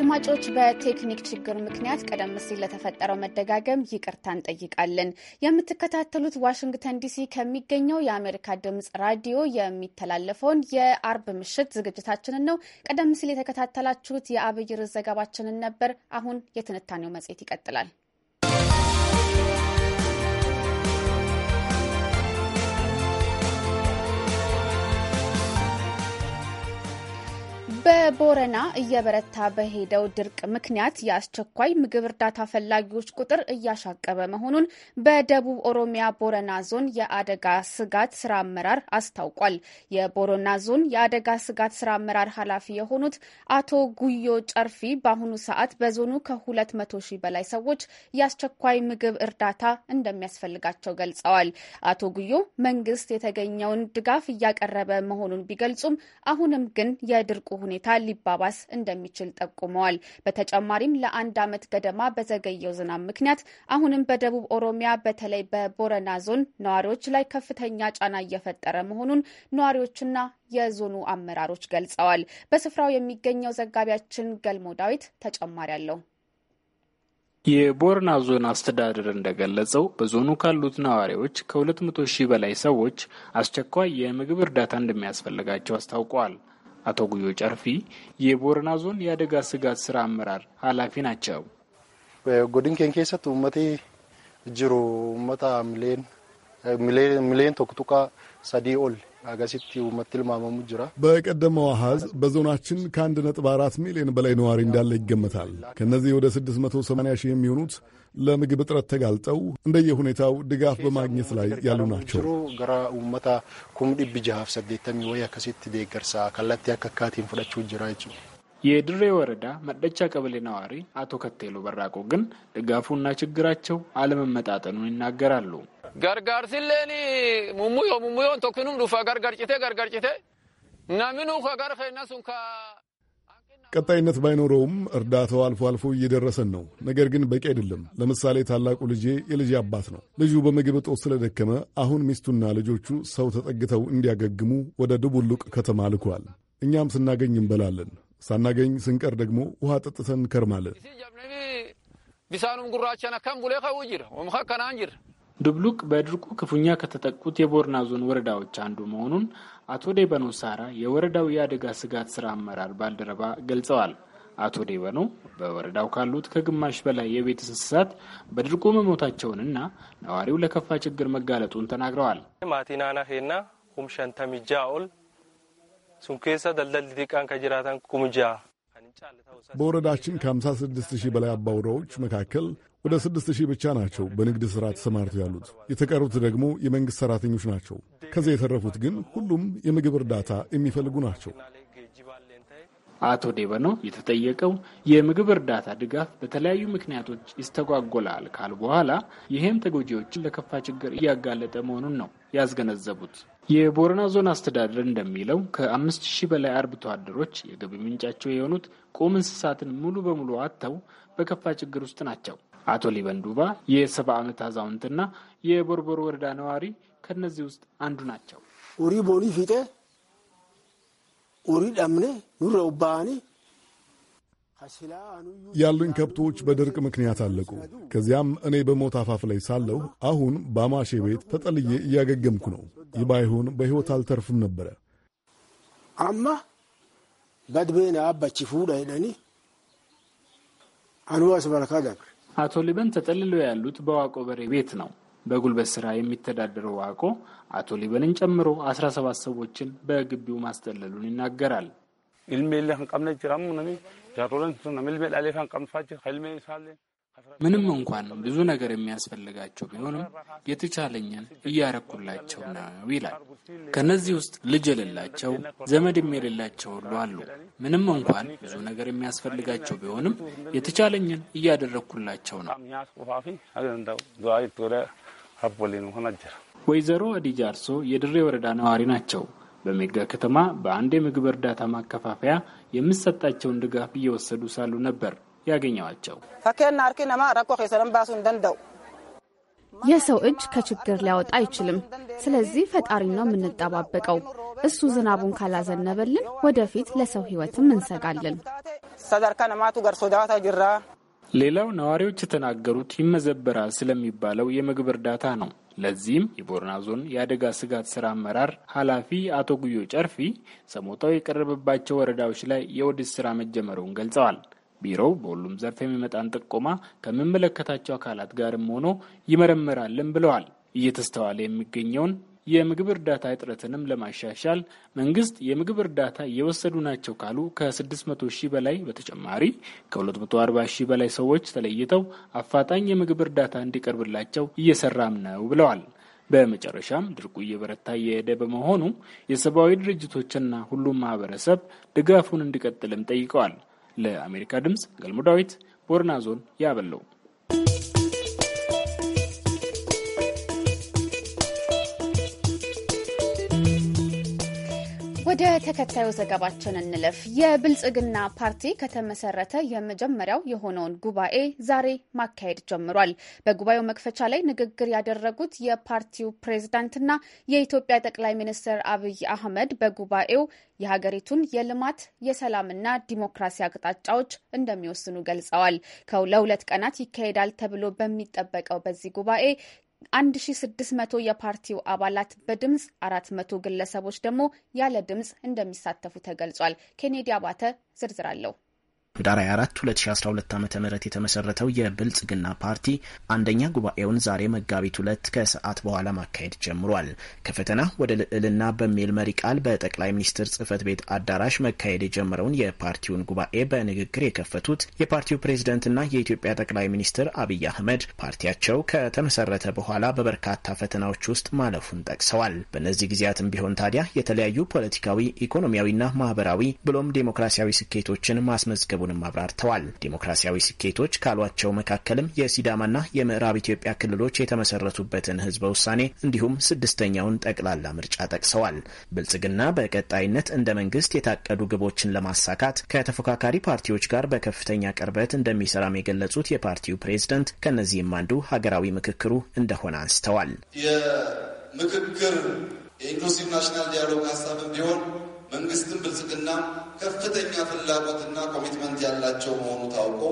አድማጮች በቴክኒክ ችግር ምክንያት ቀደም ሲል ለተፈጠረው መደጋገም ይቅርታ እንጠይቃለን። የምትከታተሉት ዋሽንግተን ዲሲ ከሚገኘው የአሜሪካ ድምጽ ራዲዮ የሚተላለፈውን የአርብ ምሽት ዝግጅታችንን ነው። ቀደም ሲል የተከታተላችሁት የአብይር ዘገባችንን ነበር። አሁን የትንታኔው መጽሔት ይቀጥላል። በቦረና እየበረታ በሄደው ድርቅ ምክንያት የአስቸኳይ ምግብ እርዳታ ፈላጊዎች ቁጥር እያሻቀበ መሆኑን በደቡብ ኦሮሚያ ቦረና ዞን የአደጋ ስጋት ስራ አመራር አስታውቋል። የቦረና ዞን የአደጋ ስጋት ስራ አመራር ኃላፊ የሆኑት አቶ ጉዮ ጨርፊ በአሁኑ ሰዓት በዞኑ ከ መቶ ሺህ በላይ ሰዎች የአስቸኳይ ምግብ እርዳታ እንደሚያስፈልጋቸው ገልጸዋል። አቶ ጉዮ መንግስት የተገኘውን ድጋፍ እያቀረበ መሆኑን ቢገልጹም አሁንም ግን የድርቁ ሁኔታ ሊባባስ እንደሚችል ጠቁመዋል። በተጨማሪም ለአንድ ዓመት ገደማ በዘገየው ዝናብ ምክንያት አሁንም በደቡብ ኦሮሚያ በተለይ በቦረና ዞን ነዋሪዎች ላይ ከፍተኛ ጫና እየፈጠረ መሆኑን ነዋሪዎችና የዞኑ አመራሮች ገልጸዋል። በስፍራው የሚገኘው ዘጋቢያችን ገልሞ ዳዊት ተጨማሪ አለው። የቦረና ዞን አስተዳደር እንደገለጸው በዞኑ ካሉት ነዋሪዎች ከሁለት 200 ሺህ በላይ ሰዎች አስቸኳይ የምግብ እርዳታ እንደሚያስፈልጋቸው አስታውቀዋል። አቶ ጉዮ ጨርፊ የቦረና ዞን የአደጋ ስጋት ስራ አመራር ኃላፊ ናቸው። ጎድን ኬን ኬሰት ውመቴ ጅሩ ኡመታ ሚሌን ቶክቱቃ ሰዲ ኦል በቀደመው አሃዝ በዞናችን ከ1.4 ሚሊዮን በላይ ነዋሪ እንዳለ ይገመታል። ከእነዚህ ወደ 680 ሺህ የሚሆኑት ለምግብ እጥረት ተጋልጠው እንደየሁኔታው ድጋፍ በማግኘት ላይ ያሉ ናቸው። ገራ የድሬ ወረዳ መደቻ ቀበሌ ነዋሪ አቶ ከቴሎ በራቆ ግን ድጋፉና ችግራቸው አለመመጣጠኑን ይናገራሉ። ጋርጋር ሲሌኒ ሙሙዮ ሙሙዮን ቶክኑም ዱፋ ጋርጋር ጭቴ ጋርጋር ጭቴ ናሚኑ ከጋር ቀጣይነት ባይኖረውም እርዳታው አልፎ አልፎ እየደረሰን ነው። ነገር ግን በቂ አይደለም። ለምሳሌ ታላቁ ልጄ የልጅ አባት ነው። ልጁ በምግብ እጦት ስለደከመ አሁን ሚስቱና ልጆቹ ሰው ተጠግተው እንዲያገግሙ ወደ ድቡልቅ ከተማ ልኳል። እኛም ስናገኝ እንበላለን። ሳናገኝ ስንቀር ደግሞ ውሃ ጠጥተን እንከርማለን። ቢሳኑም ቡሌ ድብሉቅ በድርቁ ክፉኛ ከተጠቁት የቦርና ዞን ወረዳዎች አንዱ መሆኑን አቶ ዴበኖ ሳራ የወረዳው የአደጋ ስጋት ስራ አመራር ባልደረባ ገልጸዋል። አቶ ዴበኖ በወረዳው ካሉት ከግማሽ በላይ የቤት እንስሳት በድርቁ መሞታቸውንና ነዋሪው ለከፋ ችግር መጋለጡን ተናግረዋል። ማቲናና ሄና ሁምሸንተሚጃ ኦል በወረዳችን ከ56 ሺህ በላይ አባወራዎች መካከል ወደ 6 ሺህ ብቻ ናቸው በንግድ ሥራ ተሰማርተው ያሉት። የተቀሩት ደግሞ የመንግሥት ሠራተኞች ናቸው። ከዚያ የተረፉት ግን ሁሉም የምግብ እርዳታ የሚፈልጉ ናቸው። አቶ ዴበኖ የተጠየቀው የምግብ እርዳታ ድጋፍ በተለያዩ ምክንያቶች ይስተጓጎላል ካሉ በኋላ ይህም ተጎጂዎችን ለከፋ ችግር እያጋለጠ መሆኑን ነው ያስገነዘቡት። የቦረና ዞን አስተዳደር እንደሚለው ከአምስት ሺህ በላይ አርብቶ አደሮች የገቢ ምንጫቸው የሆኑት ቁም እንስሳትን ሙሉ በሙሉ አጥተው በከፋ ችግር ውስጥ ናቸው። አቶ ሊበንዱባ የሰባ ዓመት አዛውንትና የቦርቦር ወረዳ ነዋሪ ከእነዚህ ውስጥ አንዱ ናቸው። ሪ ቦኒ ፊጤ ሪ ዳምኔ ኑረው ባኒ ያሉኝ ከብቶች በድርቅ ምክንያት አለቁ። ከዚያም እኔ በሞት አፋፍ ላይ ሳለሁ አሁን በአማሼ ቤት ተጠልዬ እያገገምኩ ነው። ይህ ባይሆን በሕይወት አልተርፍም ነበረ። አማ ጋድቤና አባቺፉ ዳይዳኒ አንዋስ በረካ አቶ ሊበን ተጠልለው ያሉት በዋቆ በሬ ቤት ነው። በጉልበት ስራ የሚተዳደረው ዋቆ አቶ ሊበንን ጨምሮ አስራ ሰባት ሰዎችን በግቢው ማስጠለሉን ይናገራል። ኢልሜላ ቀምነ ጅራሙ ምንም እንኳን ብዙ ነገር የሚያስፈልጋቸው ቢሆንም የተቻለኝን እያረኩላቸው ነው ይላል። ከእነዚህ ውስጥ ልጅ የሌላቸው ዘመድም የሌላቸው ሁሉ አሉ። ምንም እንኳን ብዙ ነገር የሚያስፈልጋቸው ቢሆንም የተቻለኝን እያደረግኩላቸው ነው። ወይዘሮ አዲጃ አርሶ የድሬ ወረዳ ነዋሪ ናቸው። በሜጋ ከተማ በአንድ የምግብ እርዳታ ማከፋፈያ የምሰጣቸውን ድጋፍ እየወሰዱ ሳሉ ነበር ያገኘዋቸው። የሰው እጅ ከችግር ሊያወጣ አይችልም። ስለዚህ ፈጣሪ ነው የምንጠባበቀው። እሱ ዝናቡን ካላዘነበልን ወደፊት ለሰው ሕይወትም እንሰጋለን። ሌላው ነዋሪዎች የተናገሩት ይመዘበራል ስለሚባለው የምግብ እርዳታ ነው። ለዚህም የቦረና ዞን የአደጋ ስጋት ስራ አመራር ኃላፊ አቶ ጉዮ ጨርፊ ሰሞታው የቀረበባቸው ወረዳዎች ላይ የኦዲት ስራ መጀመሩን ገልጸዋል። ቢሮው በሁሉም ዘርፍ የሚመጣን ጥቆማ ከሚመለከታቸው አካላት ጋርም ሆኖ ይመረምራልን ብለዋል። እየተስተዋለ የሚገኘውን የምግብ እርዳታ እጥረትንም ለማሻሻል መንግስት የምግብ እርዳታ እየወሰዱ ናቸው ካሉ ከ600 ሺህ በላይ በተጨማሪ ከ240 ሺህ በላይ ሰዎች ተለይተው አፋጣኝ የምግብ እርዳታ እንዲቀርብላቸው እየሰራም ነው ብለዋል። በመጨረሻም ድርቁ እየበረታ እየሄደ በመሆኑ የሰብአዊ ድርጅቶችና ሁሉም ማህበረሰብ ድጋፉን እንዲቀጥልም ጠይቀዋል። ለአሜሪካ ድምፅ ገልሞ ዳዊት ቦረና ዞን ያበለው ወደ ተከታዩ ዘገባችን እንለፍ። የብልጽግና ፓርቲ ከተመሰረተ የመጀመሪያው የሆነውን ጉባኤ ዛሬ ማካሄድ ጀምሯል። በጉባኤው መክፈቻ ላይ ንግግር ያደረጉት የፓርቲው ፕሬዝዳንትና የኢትዮጵያ ጠቅላይ ሚኒስትር አብይ አህመድ በጉባኤው የሀገሪቱን የልማት የሰላምና ዲሞክራሲ አቅጣጫዎች እንደሚወስኑ ገልጸዋል። ለሁለት ቀናት ይካሄዳል ተብሎ በሚጠበቀው በዚህ ጉባኤ 1600 የፓርቲው አባላት በድምፅ 400 ግለሰቦች ደግሞ ያለ ድምፅ እንደሚሳተፉ ተገልጿል። ኬኔዲ አባተ ዝርዝር አለው። ህዳር 24 2012 ዓ ም የተመሰረተው የብልጽግና ፓርቲ አንደኛ ጉባኤውን ዛሬ መጋቢት ሁለት ከሰዓት በኋላ ማካሄድ ጀምሯል። ከፈተና ወደ ልዕልና በሚል መሪ ቃል በጠቅላይ ሚኒስትር ጽህፈት ቤት አዳራሽ መካሄድ የጀመረውን የፓርቲውን ጉባኤ በንግግር የከፈቱት የፓርቲው ፕሬዝደንትና የኢትዮጵያ ጠቅላይ ሚኒስትር አብይ አህመድ ፓርቲያቸው ከተመሰረተ በኋላ በበርካታ ፈተናዎች ውስጥ ማለፉን ጠቅሰዋል። በእነዚህ ጊዜያትም ቢሆን ታዲያ የተለያዩ ፖለቲካዊ፣ ኢኮኖሚያዊና ማህበራዊ ብሎም ዴሞክራሲያዊ ስኬቶችን ማስመዝገቡ መመዝገቡንም አብራርተዋል። ዲሞክራሲያዊ ስኬቶች ካሏቸው መካከልም የሲዳማና የምዕራብ ኢትዮጵያ ክልሎች የተመሰረቱበትን ህዝበ ውሳኔ እንዲሁም ስድስተኛውን ጠቅላላ ምርጫ ጠቅሰዋል። ብልጽግና በቀጣይነት እንደ መንግስት የታቀዱ ግቦችን ለማሳካት ከተፎካካሪ ፓርቲዎች ጋር በከፍተኛ ቅርበት እንደሚሰራም የገለጹት የፓርቲው ፕሬዝደንት ከእነዚህም አንዱ ሀገራዊ ምክክሩ እንደሆነ አንስተዋል። የምክክር የኢንክሉሲቭ ናሽናል ዲያሎግ ሀሳብም ቢሆን መንግስትን ብልጽግና ከፍተኛ ፍላጎትና ኮሚትመንት ያላቸው መሆኑ ታውቆ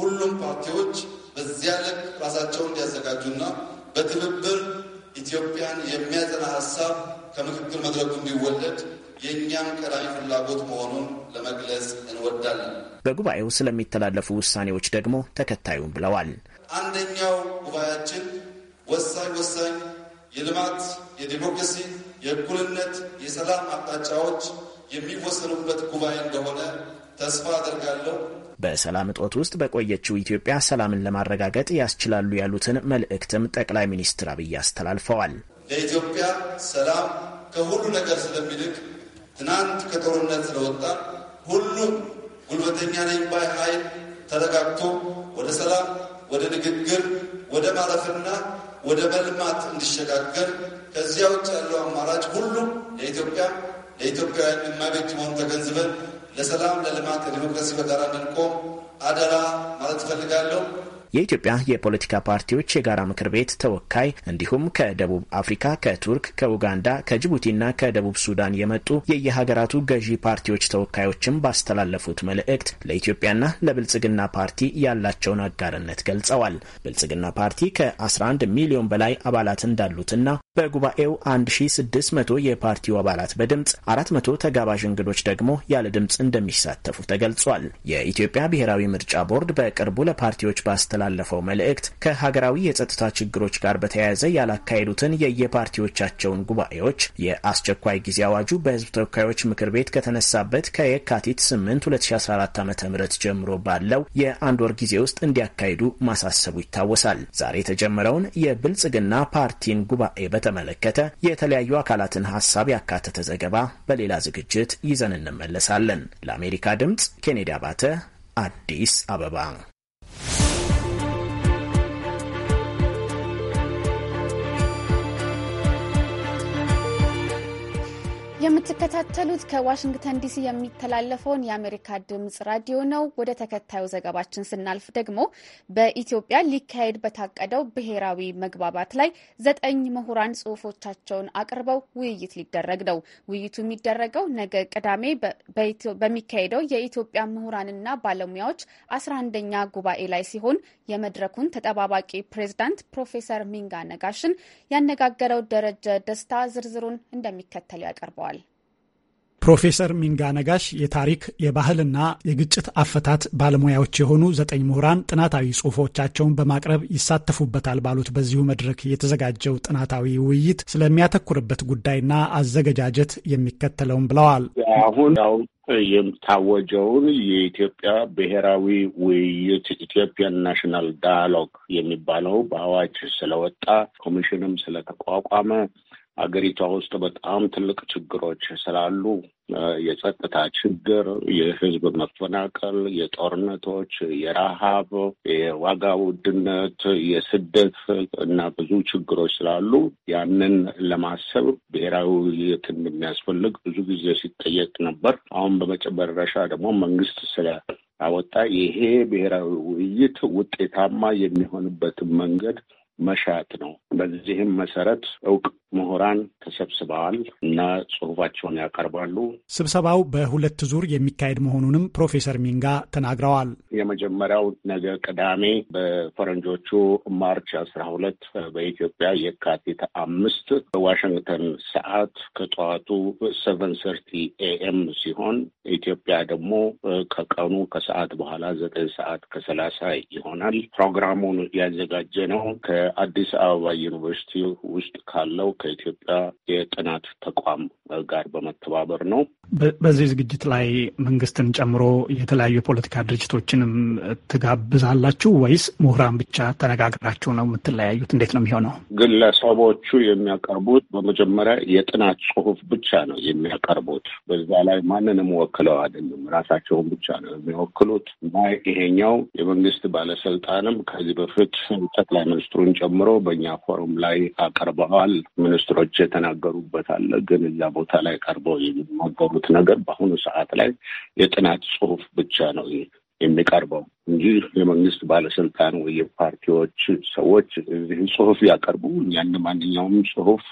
ሁሉም ፓርቲዎች በዚያ ልክ ራሳቸውን እንዲያዘጋጁና በትብብር ኢትዮጵያን የሚያጸና ሀሳብ ከምክክር መድረኩ እንዲወለድ የእኛም ቀዳሚ ፍላጎት መሆኑን ለመግለጽ እንወዳለን። በጉባኤው ስለሚተላለፉ ውሳኔዎች ደግሞ ተከታዩም ብለዋል። አንደኛው ጉባኤያችን ወሳኝ ወሳኝ የልማት የዲሞክራሲ የእኩልነት፣ የሰላም አቅጣጫዎች የሚወሰኑበት ጉባኤ እንደሆነ ተስፋ አደርጋለሁ። በሰላም እጦት ውስጥ በቆየችው ኢትዮጵያ ሰላምን ለማረጋገጥ ያስችላሉ ያሉትን መልእክትም ጠቅላይ ሚኒስትር አብይ አስተላልፈዋል። ለኢትዮጵያ ሰላም ከሁሉ ነገር ስለሚልቅ ትናንት ከጦርነት ስለወጣ ሁሉም ጉልበተኛ ነኝ ባይ ኃይል ተረጋግቶ ወደ ሰላም፣ ወደ ንግግር፣ ወደ ማረፍና ወደ መልማት እንዲሸጋገር ከዚያ ውጭ ያለው አማራጭ ሁሉም ለኢትዮጵያ ለኢትዮጵያውያን የማይበጅ መሆኑ ተገንዝበን ለሰላም፣ ለልማት፣ ለዲሞክራሲ በጋራ እንድንቆም አደራ ማለት እፈልጋለሁ። የኢትዮጵያ የፖለቲካ ፓርቲዎች የጋራ ምክር ቤት ተወካይ እንዲሁም ከደቡብ አፍሪካ፣ ከቱርክ፣ ከኡጋንዳ፣ ከጅቡቲና ከደቡብ ሱዳን የመጡ የየሀገራቱ ገዢ ፓርቲዎች ተወካዮችም ባስተላለፉት መልእክት ለኢትዮጵያና ለብልጽግና ፓርቲ ያላቸውን አጋርነት ገልጸዋል። ብልጽግና ፓርቲ ከ11 ሚሊዮን በላይ አባላት እንዳሉትና በጉባኤው 1600 የፓርቲው አባላት በድምፅ 400 ተጋባዥ እንግዶች ደግሞ ያለ ድምፅ እንደሚሳተፉ ተገልጿል። የኢትዮጵያ ብሔራዊ ምርጫ ቦርድ በቅርቡ ለፓርቲዎች ባስተ ባስተላለፈው መልእክት ከሀገራዊ የጸጥታ ችግሮች ጋር በተያያዘ ያላካሄዱትን የየፓርቲዎቻቸውን ጉባኤዎች የአስቸኳይ ጊዜ አዋጁ በህዝብ ተወካዮች ምክር ቤት ከተነሳበት ከየካቲት 8 2014 ዓ.ም ጀምሮ ባለው የአንድ ወር ጊዜ ውስጥ እንዲያካሂዱ ማሳሰቡ ይታወሳል። ዛሬ የተጀመረውን የብልጽግና ፓርቲን ጉባኤ በተመለከተ የተለያዩ አካላትን ሀሳብ ያካተተ ዘገባ በሌላ ዝግጅት ይዘን እንመለሳለን። ለአሜሪካ ድምፅ ኬኔዲ አባተ አዲስ አበባ የምትከታተሉት ከዋሽንግተን ዲሲ የሚተላለፈውን የአሜሪካ ድምጽ ራዲዮ ነው። ወደ ተከታዩ ዘገባችን ስናልፍ ደግሞ በኢትዮጵያ ሊካሄድ በታቀደው ብሔራዊ መግባባት ላይ ዘጠኝ ምሁራን ጽሁፎቻቸውን አቅርበው ውይይት ሊደረግ ነው። ውይይቱ የሚደረገው ነገ ቅዳሜ በሚካሄደው የኢትዮጵያ ምሁራንና ባለሙያዎች አስራ አንደኛ ጉባኤ ላይ ሲሆን የመድረኩን ተጠባባቂ ፕሬዝዳንት ፕሮፌሰር ሚንጋ ነጋሽን ያነጋገረው ደረጀ ደስታ ዝርዝሩን እንደሚከተል ያቀርበዋል። ፕሮፌሰር ሚንጋ ነጋሽ የታሪክ የባህልና የግጭት አፈታት ባለሙያዎች የሆኑ ዘጠኝ ምሁራን ጥናታዊ ጽሑፎቻቸውን በማቅረብ ይሳተፉበታል ባሉት በዚሁ መድረክ የተዘጋጀው ጥናታዊ ውይይት ስለሚያተኩርበት ጉዳይና አዘገጃጀት የሚከተለውም ብለዋል። አሁን የምታወጀውን የኢትዮጵያ ብሔራዊ ውይይት ኢትዮጵያን ናሽናል ዳያሎግ የሚባለው በአዋጅ ስለወጣ ኮሚሽንም ስለተቋቋመ አገሪቷ ውስጥ በጣም ትልቅ ችግሮች ስላሉ የጸጥታ ችግር፣ የህዝብ መፈናቀል፣ የጦርነቶች፣ የረሃብ፣ የዋጋ ውድነት፣ የስደት እና ብዙ ችግሮች ስላሉ ያንን ለማሰብ ብሔራዊ ውይይት እንደሚያስፈልግ ብዙ ጊዜ ሲጠየቅ ነበር። አሁን በመጨረሻ ደግሞ መንግስት ስለ አወጣ ይሄ ብሔራዊ ውይይት ውጤታማ የሚሆንበትን መንገድ መሻት ነው። በዚህም መሰረት እውቅ ምሁራን ተሰብስበዋል እና ጽሁፋቸውን ያቀርባሉ። ስብሰባው በሁለት ዙር የሚካሄድ መሆኑንም ፕሮፌሰር ሚንጋ ተናግረዋል። የመጀመሪያው ነገ ቅዳሜ በፈረንጆቹ ማርች አስራ ሁለት በኢትዮጵያ የካቲት አምስት በዋሽንግተን ሰዓት ከጠዋቱ ሰቨን ሰርቲ ኤኤም ሲሆን ኢትዮጵያ ደግሞ ከቀኑ ከሰዓት በኋላ ዘጠኝ ሰዓት ከሰላሳ ይሆናል። ፕሮግራሙን ያዘጋጀ ነው ከ ከአዲስ አበባ ዩኒቨርሲቲ ውስጥ ካለው ከኢትዮጵያ የጥናት ተቋም ጋር በመተባበር ነው። በዚህ ዝግጅት ላይ መንግስትን ጨምሮ የተለያዩ የፖለቲካ ድርጅቶችንም ትጋብዛላችሁ ወይስ ምሁራን ብቻ ተነጋግራችሁ ነው የምትለያዩት? እንዴት ነው የሚሆነው? ግለሰቦቹ የሚያቀርቡት በመጀመሪያ የጥናት ጽሁፍ ብቻ ነው የሚያቀርቡት። በዛ ላይ ማንንም ወክለው አይደለም፣ ራሳቸውን ብቻ ነው የሚወክሉት። ይሄኛው የመንግስት ባለስልጣንም ከዚህ በፊት ጠቅላይ ሚኒስትሩን ጨምሮ በእኛ ፎረም ላይ አቀርበዋል። ሚኒስትሮች የተናገሩበት አለ። ግን እዛ ቦታ ላይ ቀርበው የሚናገሩት ነገር በአሁኑ ሰዓት ላይ የጥናት ጽሁፍ ብቻ ነው የሚቀርበው እንጂ የመንግስት ባለስልጣን ወይ የፓርቲዎች ሰዎች እዚህ ጽሁፍ ያቀርቡ ያን ማንኛውም ጽሁፍ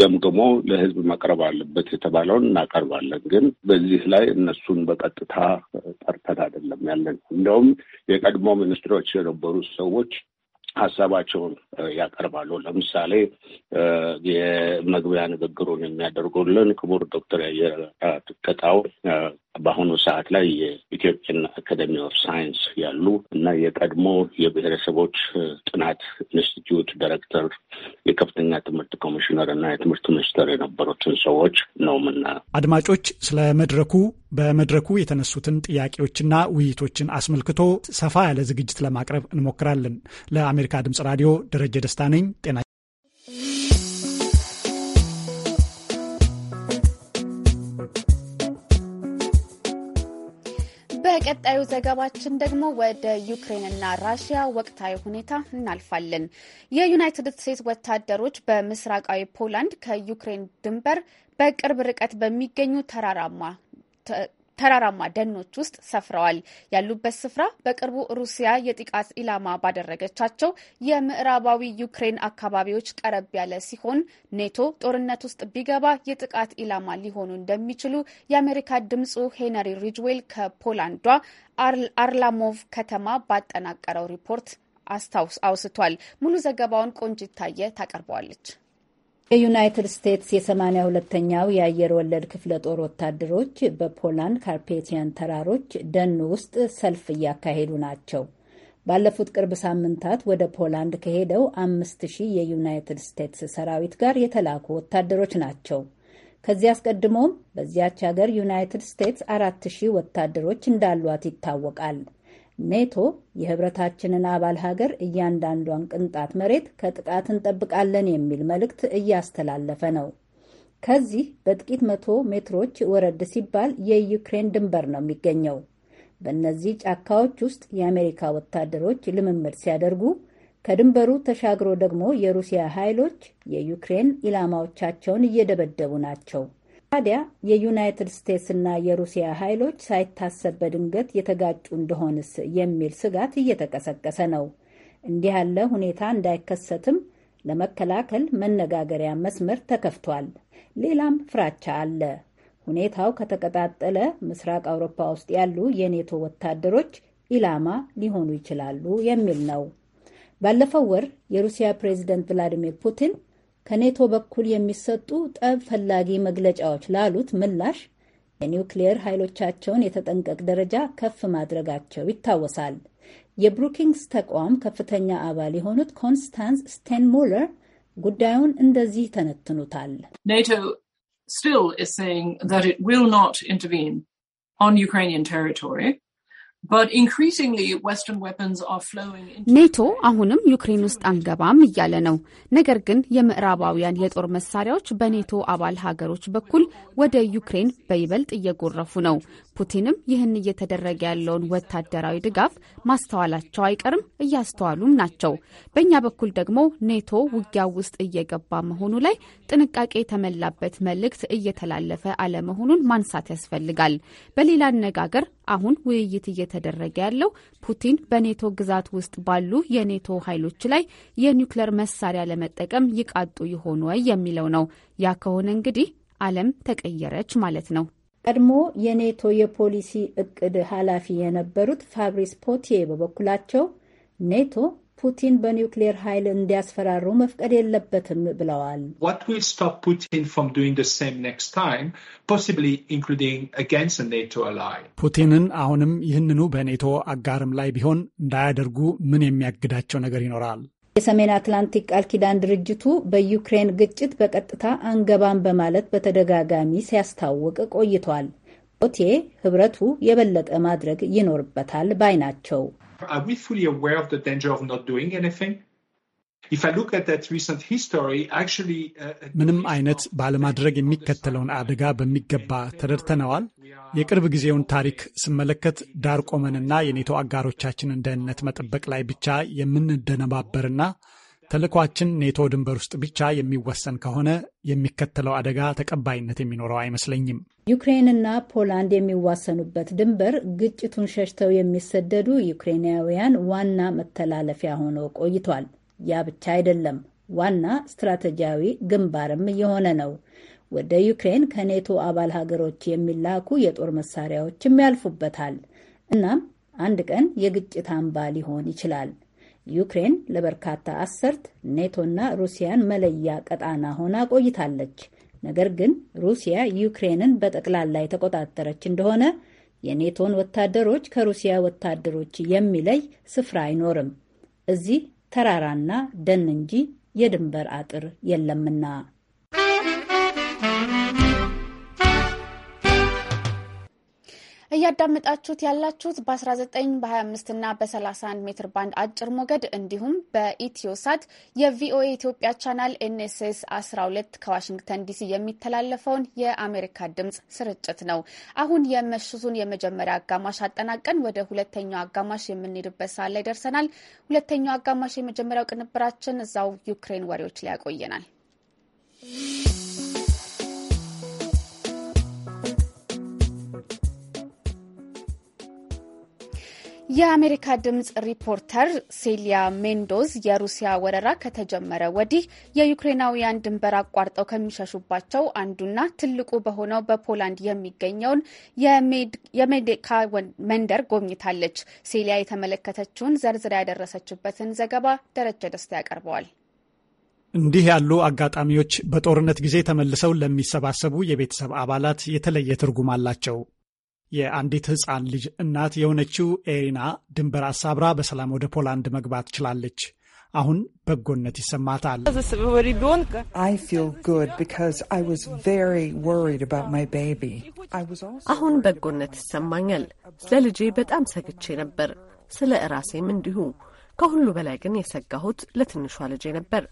ገምግሞ ለህዝብ መቅረብ አለበት የተባለውን እናቀርባለን። ግን በዚህ ላይ እነሱን በቀጥታ ጠርተን አይደለም ያለን። እንደውም የቀድሞ ሚኒስትሮች የነበሩት ሰዎች ሀሳባቸውን ያቀርባሉ። ለምሳሌ የመግቢያ ንግግሩን የሚያደርጉልን ክቡር ዶክተር ያየ ትከታው በአሁኑ ሰዓት ላይ የኢትዮጵያን አካደሚ ኦፍ ሳይንስ ያሉ እና የቀድሞ የብሔረሰቦች ጥናት ኢንስቲትዩት ዳይሬክተር፣ የከፍተኛ ትምህርት ኮሚሽነር እና የትምህርት ሚኒስተር የነበሩትን ሰዎች ነው ምና አድማጮች ስለ መድረኩ በመድረኩ የተነሱትን ጥያቄዎችና ውይይቶችን አስመልክቶ ሰፋ ያለ ዝግጅት ለማቅረብ እንሞክራለን። ለአሜሪካ ድምጽ ራዲዮ ደረጀ ደስታ ነኝ። ጤና በቀጣዩ ዘገባችን ደግሞ ወደ ዩክሬንና ራሽያ ወቅታዊ ሁኔታ እናልፋለን። የዩናይትድ ስቴትስ ወታደሮች በምስራቃዊ ፖላንድ ከዩክሬን ድንበር በቅርብ ርቀት በሚገኙ ተራራማ ተራራማ ደኖች ውስጥ ሰፍረዋል። ያሉበት ስፍራ በቅርቡ ሩሲያ የጥቃት ኢላማ ባደረገቻቸው የምዕራባዊ ዩክሬን አካባቢዎች ቀረብ ያለ ሲሆን ኔቶ ጦርነት ውስጥ ቢገባ የጥቃት ኢላማ ሊሆኑ እንደሚችሉ የአሜሪካ ድምፁ ሄነሪ ሪጅዌል ከፖላንዷ አርላሞቭ ከተማ ባጠናቀረው ሪፖርት አስታውስ አውስቷል። ሙሉ ዘገባውን ቆንጂት ታየ ታቀርበዋለች። የዩናይትድ ስቴትስ የሰማንያ ሁለተኛው የአየር ወለድ ክፍለ ጦር ወታደሮች በፖላንድ ካርፔቲያን ተራሮች ደን ውስጥ ሰልፍ እያካሄዱ ናቸው። ባለፉት ቅርብ ሳምንታት ወደ ፖላንድ ከሄደው አምስት ሺህ የዩናይትድ ስቴትስ ሰራዊት ጋር የተላኩ ወታደሮች ናቸው። ከዚህ አስቀድሞም በዚያች ሀገር ዩናይትድ ስቴትስ አራት ሺህ ወታደሮች እንዳሏት ይታወቃል። ኔቶ የህብረታችንን አባል ሀገር እያንዳንዷን ቅንጣት መሬት ከጥቃት እንጠብቃለን የሚል መልእክት እያስተላለፈ ነው። ከዚህ በጥቂት መቶ ሜትሮች ወረድ ሲባል የዩክሬን ድንበር ነው የሚገኘው። በእነዚህ ጫካዎች ውስጥ የአሜሪካ ወታደሮች ልምምድ ሲያደርጉ፣ ከድንበሩ ተሻግሮ ደግሞ የሩሲያ ኃይሎች የዩክሬን ኢላማዎቻቸውን እየደበደቡ ናቸው። ታዲያ የዩናይትድ ስቴትስና የሩሲያ ኃይሎች ሳይታሰብ በድንገት የተጋጩ እንደሆንስ የሚል ስጋት እየተቀሰቀሰ ነው። እንዲህ ያለ ሁኔታ እንዳይከሰትም ለመከላከል መነጋገሪያ መስመር ተከፍቷል። ሌላም ፍራቻ አለ። ሁኔታው ከተቀጣጠለ ምስራቅ አውሮፓ ውስጥ ያሉ የኔቶ ወታደሮች ኢላማ ሊሆኑ ይችላሉ የሚል ነው። ባለፈው ወር የሩሲያ ፕሬዝደንት ቭላዲሚር ፑቲን ከኔቶ በኩል የሚሰጡ ጠብ ፈላጊ መግለጫዎች ላሉት ምላሽ የኒውክሌየር ኃይሎቻቸውን የተጠንቀቅ ደረጃ ከፍ ማድረጋቸው ይታወሳል። የብሩኪንግስ ተቋም ከፍተኛ አባል የሆኑት ኮንስታንስ ስቴንሙለር ጉዳዩን እንደዚህ ተነትኑታል። ኔቶ ስቲል ኢዝ ሴይንግ ዛት ኢት ዊል ኖት ኢንተርቪን ኦን ዩክሬኒያን ቴሪቶሪ ኔቶ አሁንም ዩክሬን ውስጥ አንገባም እያለ ነው። ነገር ግን የምዕራባውያን የጦር መሳሪያዎች በኔቶ አባል ሀገሮች በኩል ወደ ዩክሬን በይበልጥ እየጎረፉ ነው። ፑቲንም ይህን እየተደረገ ያለውን ወታደራዊ ድጋፍ ማስተዋላቸው አይቀርም፣ እያስተዋሉም ናቸው። በእኛ በኩል ደግሞ ኔቶ ውጊያ ውስጥ እየገባ መሆኑ ላይ ጥንቃቄ የተሞላበት መልእክት እየተላለፈ አለመሆኑን ማንሳት ያስፈልጋል። በሌላ አነጋገር አሁን ውይይት እየተደረገ ያለው ፑቲን በኔቶ ግዛት ውስጥ ባሉ የኔቶ ኃይሎች ላይ የኒውክሌር መሳሪያ ለመጠቀም ይቃጡ ይሆን ወይ የሚለው ነው። ያ ከሆነ እንግዲህ ዓለም ተቀየረች ማለት ነው። ቀድሞ የኔቶ የፖሊሲ እቅድ ኃላፊ የነበሩት ፋብሪስ ፖቲ በበኩላቸው ኔቶ ፑቲን በኒውክሌር ኃይል እንዲያስፈራሩ መፍቀድ የለበትም ብለዋል። ፑቲንን አሁንም ይህንኑ በኔቶ አጋርም ላይ ቢሆን እንዳያደርጉ ምን የሚያግዳቸው ነገር ይኖራል? የሰሜን አትላንቲክ ቃል ኪዳን ድርጅቱ በዩክሬን ግጭት በቀጥታ አንገባም በማለት በተደጋጋሚ ሲያስታውቅ ቆይቷል። ቦቴ ህብረቱ የበለጠ ማድረግ ይኖርበታል ባይ ናቸው። Uh, uh, ምንም አይነት ባለማድረግ የሚከተለውን አደጋ በሚገባ uh, ተረድተነዋል። የቅርብ ጊዜውን ታሪክ ስመለከት ዳር ቆመንና የኔቶ አጋሮቻችንን ደህንነት መጠበቅ ላይ ብቻ የምንደነባበርና ተልኳችን ኔቶ ድንበር ውስጥ ብቻ የሚወሰን ከሆነ የሚከተለው አደጋ ተቀባይነት የሚኖረው አይመስለኝም። ዩክሬንና ፖላንድ የሚዋሰኑበት ድንበር ግጭቱን ሸሽተው የሚሰደዱ ዩክሬናውያን ዋና መተላለፊያ ሆኖ ቆይቷል። ያ ብቻ አይደለም፣ ዋና ስትራቴጂያዊ ግንባርም የሆነ ነው። ወደ ዩክሬን ከኔቶ አባል ሀገሮች የሚላኩ የጦር መሳሪያዎችም ያልፉበታል። እናም አንድ ቀን የግጭት አምባ ሊሆን ይችላል። ዩክሬን ለበርካታ አሰርት ኔቶና ሩሲያን መለያ ቀጣና ሆና ቆይታለች። ነገር ግን ሩሲያ ዩክሬንን በጠቅላላ የተቆጣጠረች እንደሆነ የኔቶን ወታደሮች ከሩሲያ ወታደሮች የሚለይ ስፍራ አይኖርም። እዚህ ተራራና ደን እንጂ የድንበር አጥር የለምና እያዳመጣችሁት ያላችሁት በ19 በ25 እና በ31 ሜትር ባንድ አጭር ሞገድ እንዲሁም በኢትዮሳት የቪኦኤ ኢትዮጵያ ቻናል ኤንኤስኤስ 12 ከዋሽንግተን ዲሲ የሚተላለፈውን የአሜሪካ ድምጽ ስርጭት ነው። አሁን የምሽቱን የመጀመሪያ አጋማሽ አጠናቀን ወደ ሁለተኛው አጋማሽ የምንሄድበት ሰዓት ላይ ደርሰናል። ሁለተኛው አጋማሽ የመጀመሪያው ቅንብራችን እዛው ዩክሬን ወሬዎች ላይ ያቆየናል። የአሜሪካ ድምፅ ሪፖርተር ሴሊያ ሜንዶዝ የሩሲያ ወረራ ከተጀመረ ወዲህ የዩክሬናውያን ድንበር አቋርጠው ከሚሸሹባቸው አንዱና ትልቁ በሆነው በፖላንድ የሚገኘውን የሜዴካ መንደር ጎብኝታለች። ሴሊያ የተመለከተችውን ዘርዝራ ያደረሰችበትን ዘገባ ደረጀ ደስታ ያቀርበዋል። እንዲህ ያሉ አጋጣሚዎች በጦርነት ጊዜ ተመልሰው ለሚሰባሰቡ የቤተሰብ አባላት የተለየ ትርጉም አላቸው። የአንዲት ህፃን ልጅ እናት የሆነችው ኤሪና ድንበር አሳብራ በሰላም ወደ ፖላንድ መግባት ችላለች። አሁን በጎነት ይሰማታል። አሁን በጎነት ይሰማኛል። ለልጄ በጣም ሰግቼ ነበር፣ ስለ እራሴም እንዲሁ። ከሁሉ በላይ ግን የሰጋሁት ለትንሿ ልጄ ነበር።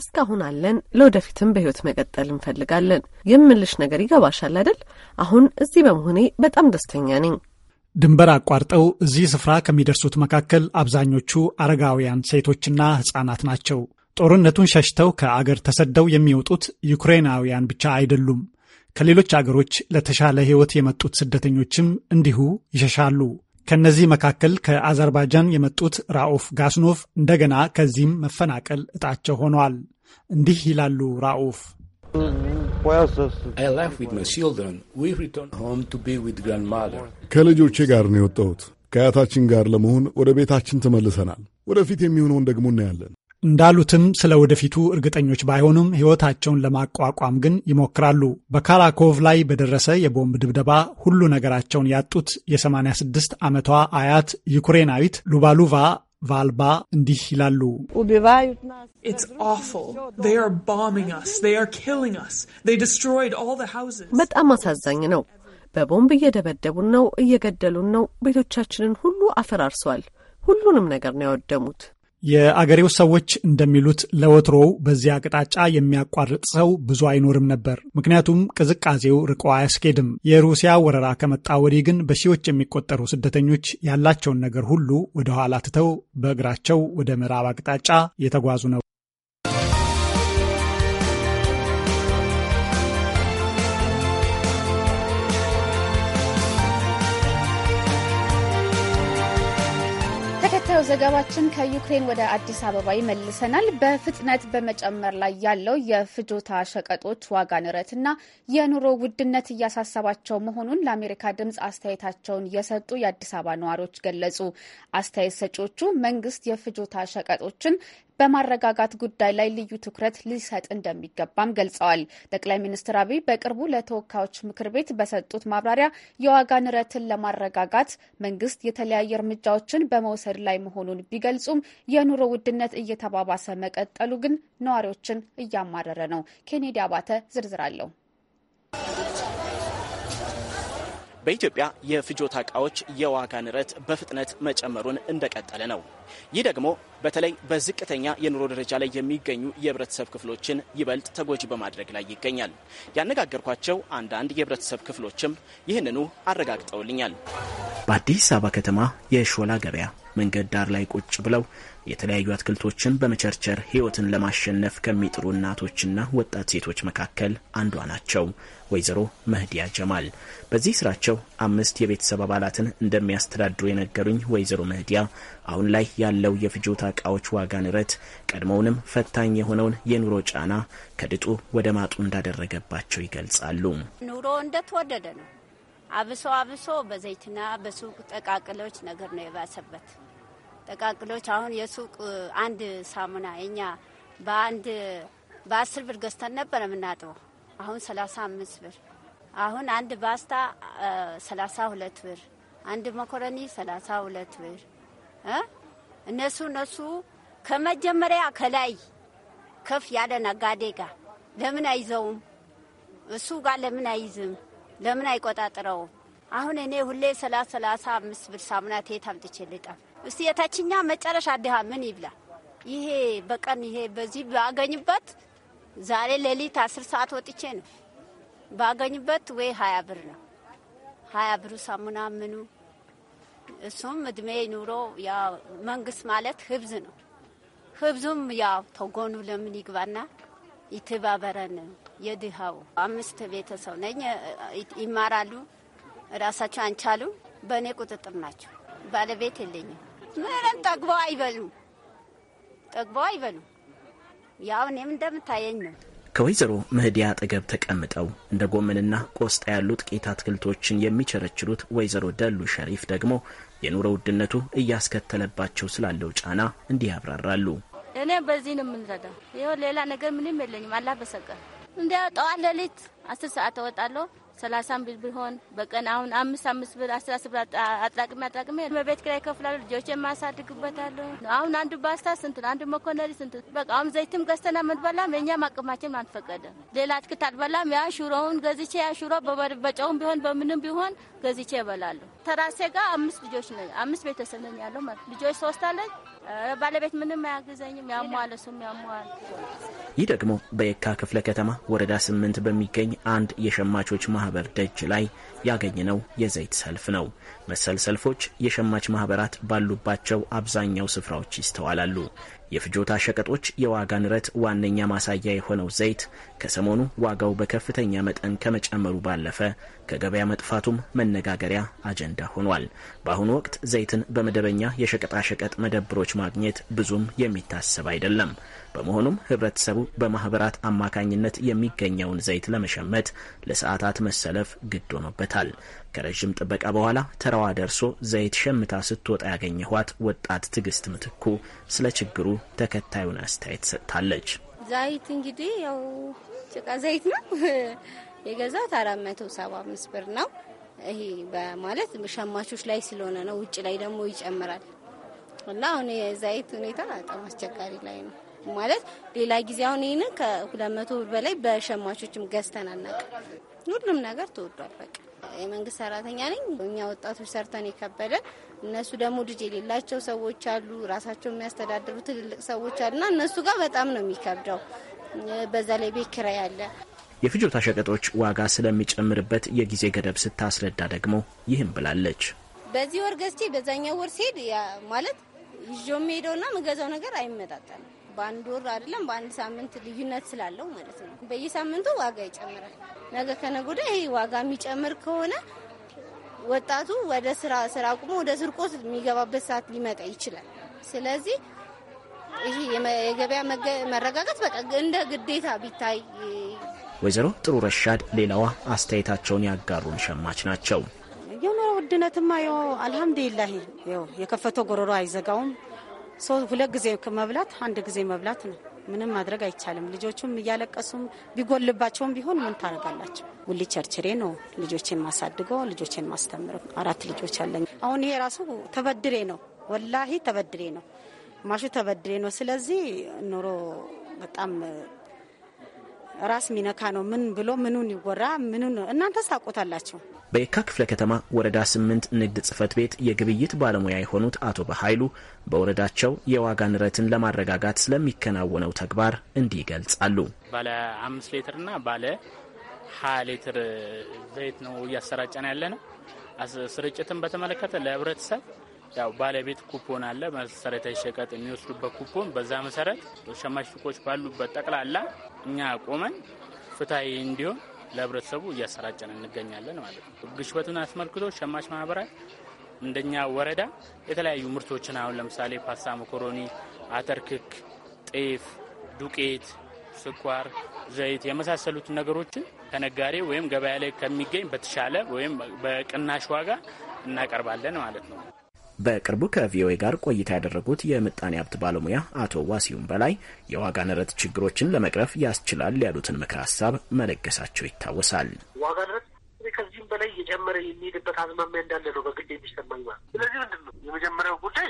እስካሁን አለን፣ ለወደፊትም በህይወት መቀጠል እንፈልጋለን። የምልሽ ነገር ይገባሻል አይደል? አሁን እዚህ በመሆኔ በጣም ደስተኛ ነኝ። ድንበር አቋርጠው እዚህ ስፍራ ከሚደርሱት መካከል አብዛኞቹ አረጋውያን ሴቶችና ህጻናት ናቸው። ጦርነቱን ሸሽተው ከአገር ተሰደው የሚወጡት ዩክሬናውያን ብቻ አይደሉም። ከሌሎች አገሮች ለተሻለ ህይወት የመጡት ስደተኞችም እንዲሁ ይሸሻሉ። ከነዚህ መካከል ከአዘርባይጃን የመጡት ራኡፍ ጋስኖቭ እንደገና ከዚህም መፈናቀል እጣቸው ሆነዋል። እንዲህ ይላሉ ራኡፍ። ከልጆቼ ጋር ነው የወጣሁት። ከአያታችን ጋር ለመሆን ወደ ቤታችን ተመልሰናል። ወደፊት የሚሆነውን ደግሞ እናያለን። እንዳሉትም ስለ ወደፊቱ እርግጠኞች ባይሆኑም ሕይወታቸውን ለማቋቋም ግን ይሞክራሉ። በካራኮቭ ላይ በደረሰ የቦምብ ድብደባ ሁሉ ነገራቸውን ያጡት የ86 ዓመቷ አያት ዩክሬናዊት ሉባሉቫ ቫልባ እንዲህ ይላሉ። በጣም አሳዛኝ ነው። በቦምብ እየደበደቡን ነው፣ እየገደሉን ነው። ቤቶቻችንን ሁሉ አፈራርሰዋል። ሁሉንም ነገር ነው ያወደሙት። የአገሬው ሰዎች እንደሚሉት ለወትሮው በዚያ አቅጣጫ የሚያቋርጥ ሰው ብዙ አይኖርም ነበር። ምክንያቱም ቅዝቃዜው ርቆ አያስኬድም። የሩሲያ ወረራ ከመጣ ወዲህ ግን በሺዎች የሚቆጠሩ ስደተኞች ያላቸውን ነገር ሁሉ ወደ ኋላ ትተው በእግራቸው ወደ ምዕራብ አቅጣጫ የተጓዙ ነው። ዘገባችን ከዩክሬን ወደ አዲስ አበባ ይመልሰናል። በፍጥነት በመጨመር ላይ ያለው የፍጆታ ሸቀጦች ዋጋ ንረትና የኑሮ ውድነት እያሳሰባቸው መሆኑን ለአሜሪካ ድምፅ አስተያየታቸውን የሰጡ የአዲስ አበባ ነዋሪዎች ገለጹ። አስተያየት ሰጪዎቹ መንግስት የፍጆታ ሸቀጦችን በማረጋጋት ጉዳይ ላይ ልዩ ትኩረት ሊሰጥ እንደሚገባም ገልጸዋል። ጠቅላይ ሚኒስትር አብይ በቅርቡ ለተወካዮች ምክር ቤት በሰጡት ማብራሪያ የዋጋ ንረትን ለማረጋጋት መንግስት የተለያየ እርምጃዎችን በመውሰድ ላይ መሆኑን ቢገልጹም የኑሮ ውድነት እየተባባሰ መቀጠሉ ግን ነዋሪዎችን እያማረረ ነው። ኬኔዲ አባተ ዝርዝር አለው። በኢትዮጵያ የፍጆታ እቃዎች የዋጋ ንረት በፍጥነት መጨመሩን እንደቀጠለ ነው። ይህ ደግሞ በተለይ በዝቅተኛ የኑሮ ደረጃ ላይ የሚገኙ የህብረተሰብ ክፍሎችን ይበልጥ ተጎጂ በማድረግ ላይ ይገኛል። ያነጋገርኳቸው አንዳንድ የህብረተሰብ ክፍሎችም ይህንኑ አረጋግጠውልኛል። በአዲስ አበባ ከተማ የሾላ ገበያ መንገድ ዳር ላይ ቁጭ ብለው የተለያዩ አትክልቶችን በመቸርቸር ህይወትን ለማሸነፍ ከሚጥሩ እናቶችና ወጣት ሴቶች መካከል አንዷ ናቸው ወይዘሮ መህዲያ ጀማል። በዚህ ስራቸው አምስት የቤተሰብ አባላትን እንደሚያስተዳድሩ የነገሩኝ ወይዘሮ መህዲያ አሁን ላይ ያለው የፍጆታ ዕቃዎች ዋጋ ንረት ቀድሞውንም ፈታኝ የሆነውን የኑሮ ጫና ከድጡ ወደ ማጡ እንዳደረገባቸው ይገልጻሉ። ኑሮ እንደተወደደ ነው። አብሶ አብሶ በዘይትና በሱቅ ጠቃቅሎች ነገር ነው የባሰበት ጠቃቅሎች አሁን የሱቅ አንድ ሳሙና እኛ በአንድ በአስር ብር ገዝተን ነበር የምናጥበው። አሁን ሰላሳ አምስት ብር አሁን አንድ ባስታ ሰላሳ ሁለት ብር አንድ መኮረኒ ሰላሳ ሁለት ብር እነሱ እነሱ ከመጀመሪያ ከላይ ከፍ ያለ ነጋዴ ጋር ለምን አይዘውም? እሱ ጋር ለምን አይዝም? ለምን አይቆጣጥረውም? አሁን እኔ ሁሌ ሰላሳ ሰላሳ አምስት ብር ሳሙና ቴት አምጥቼ ልጠብ እስቲ የታችኛ መጨረሻ ድሃ ምን ይብላ? ይሄ በቀን ይሄ በዚህ ባገኝበት ዛሬ ሌሊት አስር ሰዓት ወጥቼ ነው ባገኝበት ወይ ሀያ ብር ነው ሀያ ብሩ ሳሙና ምኑ እሱም እድሜ ኑሮ ያ መንግስት ማለት ህብዝ ነው። ህብዙም ያው ተጎኑ ለምን ይግባና ይተባበረን። የድሃው አምስት ቤተሰብ ነኝ ይማራሉ ራሳቸው አንቻሉ በእኔ ቁጥጥር ናቸው። ባለቤት የለኝም። ምንም ጠግበው አይበሉ ጠግበው አይበሉ። ያው እኔም እንደምታየኝ ነው። ከወይዘሮ ምህዲያ አጠገብ ተቀምጠው እንደ ጎመንና ቆስጣ ያሉ ጥቂት አትክልቶችን የሚቸረችሩት ወይዘሮ ደሉ ሸሪፍ ደግሞ የኑሮ ውድነቱ እያስከተለባቸው ስላለው ጫና እንዲህ ያብራራሉ። እኔ በዚህ ነው የምንረዳው። ይኸው ሌላ ነገር ምንም የለኝም። አላህ በሰቀ እንዲያ ጠዋት ሌሊት አስር ሰዓት እወጣለሁ ሰላሳም ብል ቢሆን በቀን አሁን አምስት አምስት ብር አስራ ስብር አጥራቅሜ አጥራቅሜ በቤት ኪራይ ይከፍላሉ። ልጆች ማሳድግበታለሁ። አሁን አንዱ ባስታ ስንት ነው? አንዱ መኮነሪ ስንት? በቃ አሁን ዘይትም ገዝተና ምንበላም የእኛም አቅማችን አንፈቀደ። ሌላ አትክልት አልበላም። ያ ሽሮውን ገዝቼ ያ ሽሮ በጨውም ቢሆን በምንም ቢሆን ገዝቼ እበላለሁ። ተራሴ ጋር አምስት ልጆች ነ አምስት ቤተሰብ ነኝ ያለው ማለት ልጆች ሶስት አለች ባለቤት ምንም አያግዘኝም። ያሟል፣ እሱም ያሟል። ይህ ደግሞ በየካ ክፍለ ከተማ ወረዳ ስምንት በሚገኝ አንድ የሸማቾች ማህበር ደጅ ላይ ያገኘነው የዘይት ሰልፍ ነው። መሰል ሰልፎች የሸማች ማህበራት ባሉባቸው አብዛኛው ስፍራዎች ይስተዋላሉ። የፍጆታ ሸቀጦች የዋጋ ንረት ዋነኛ ማሳያ የሆነው ዘይት ከሰሞኑ ዋጋው በከፍተኛ መጠን ከመጨመሩ ባለፈ ከገበያ መጥፋቱም መነጋገሪያ አጀንዳ ሆኗል። በአሁኑ ወቅት ዘይትን በመደበኛ የሸቀጣሸቀጥ መደብሮች ማግኘት ብዙም የሚታሰብ አይደለም። በመሆኑም ህብረተሰቡ በማህበራት አማካኝነት የሚገኘውን ዘይት ለመሸመት ለሰዓታት መሰለፍ ግድ ሆኖበታል። ከረዥም ጥበቃ በኋላ ተራዋ ደርሶ ዘይት ሸምታ ስትወጣ ያገኘኋት ወጣት ትዕግስት ምትኩ ስለ ችግሩ ተከታዩን አስተያየት ሰጥታለች። ዘይት እንግዲህ ያው ጭቃ ዘይት ነው የገዛት አራት መቶ ሰባ አምስት ብር ነው። ይሄ በማለት ሸማቾች ላይ ስለሆነ ነው። ውጭ ላይ ደግሞ ይጨምራል እና አሁን የዘይት ሁኔታ በጣም አስቸጋሪ ላይ ነው። ማለት ሌላ ጊዜ አሁን ይህንን ከሁለት መቶ ብር በላይ በሸማቾችም ገዝተን አናውቅም። ሁሉም ነገር ተወዷል። በቃ የመንግስት ሰራተኛ ነኝ። እኛ ወጣቶች ሰርተን የከበደ እነሱ ደግሞ ልጅ የሌላቸው ሰዎች አሉ፣ ራሳቸው የሚያስተዳድሩ ትልልቅ ሰዎች አሉ እና እነሱ ጋር በጣም ነው የሚከብደው። በዛ ላይ ቤት ኪራይ አለ። የፍጆታ ሸቀጦች ዋጋ ስለሚጨምርበት የጊዜ ገደብ ስታስረዳ ደግሞ ይህም ብላለች። በዚህ ወር ገዝቼ በዛኛው ወር ሲሄድ ማለት ይዤው የምሄደውና የምገዛው ነገር አይመጣጠንም። በአንድ ወር አይደለም በአንድ ሳምንት ልዩነት ስላለው ማለት ነው። በየሳምንቱ ዋጋ ይጨምራል። ነገ ከነጎዳ ይሄ ዋጋ የሚጨምር ከሆነ ወጣቱ ወደ ስራ ስራ አቁሞ ወደ ስርቆት የሚገባበት ሰዓት ሊመጣ ይችላል። ስለዚህ ይሄ የገበያ መረጋጋት በቃ እንደ ግዴታ ቢታይ። ወይዘሮ ጥሩ ረሻድ ሌላዋ አስተያየታቸውን ያጋሩን ሸማች ናቸው። የኑሮ ውድነትማ አልሐምዱሊላህ የከፈተው ጎረሮ አይዘጋውም ሰው ሁለት ጊዜ መብላት አንድ ጊዜ መብላት ነው። ምንም ማድረግ አይቻልም። ልጆቹም እያለቀሱም ቢጎልባቸውም ቢሆን ምን ታደርጋላቸው? ውሊ ቸርችሬ ነው ልጆቼን ማሳድገው ልጆቼን ማስተምረው። አራት ልጆች አለኝ። አሁን ይሄ ራሱ ተበድሬ ነው፣ ወላሂ ተበድሬ ነው፣ ማሹ ተበድሬ ነው። ስለዚህ ኑሮ በጣም ራስ ሚነካ ነው። ምን ብሎ ምኑን ይወራ ምኑ ነው? እናንተስ ታውቆታላችሁ። በየካ ክፍለ ከተማ ወረዳ ስምንት ንግድ ጽህፈት ቤት የግብይት ባለሙያ የሆኑት አቶ በኃይሉ በወረዳቸው የዋጋ ንረትን ለማረጋጋት ስለሚከናወነው ተግባር እንዲህ ይገልጻሉ። ባለ አምስት ሌትርና ባለ ሀያ ሌትር ዘይት ነው እያሰራጨን ያለ ነው። ስርጭትን በተመለከተ ለህብረተሰብ ያው ባለቤት ኩፖን አለ መሰረታዊ ሸቀጥ የሚወስዱበት ኩፖን። በዛ መሰረት ሸማች ሱቆች ባሉበት ጠቅላላ እኛ ቆመን ፍትሐዊ እንዲሆን ለህብረተሰቡ እያሰራጨን እንገኛለን ማለት ነው። ግሽበቱን አስመልክቶ ሸማች ማህበራት እንደኛ ወረዳ የተለያዩ ምርቶችን አሁን ለምሳሌ ፓስታ፣ መኮሮኒ፣ አተር፣ ክክ፣ ጤፍ፣ ዱቄት፣ ስኳር፣ ዘይት የመሳሰሉትን ነገሮችን ከነጋዴ ወይም ገበያ ላይ ከሚገኝ በተሻለ ወይም በቅናሽ ዋጋ እናቀርባለን ማለት ነው። በቅርቡ ከቪኦኤ ጋር ቆይታ ያደረጉት የምጣኔ ሀብት ባለሙያ አቶ ዋሲሁን በላይ የዋጋ ንረት ችግሮችን ለመቅረፍ ያስችላል ያሉትን ምክር ሀሳብ መለገሳቸው ይታወሳል። ዋጋ ንረት ከዚህም በላይ እየጨመረ የሚሄድበት አዝማሚያ እንዳለ ነው በግድ የሚሰማኝ ማለት። ስለዚህ ምንድን ነው የመጀመሪያው ጉዳይ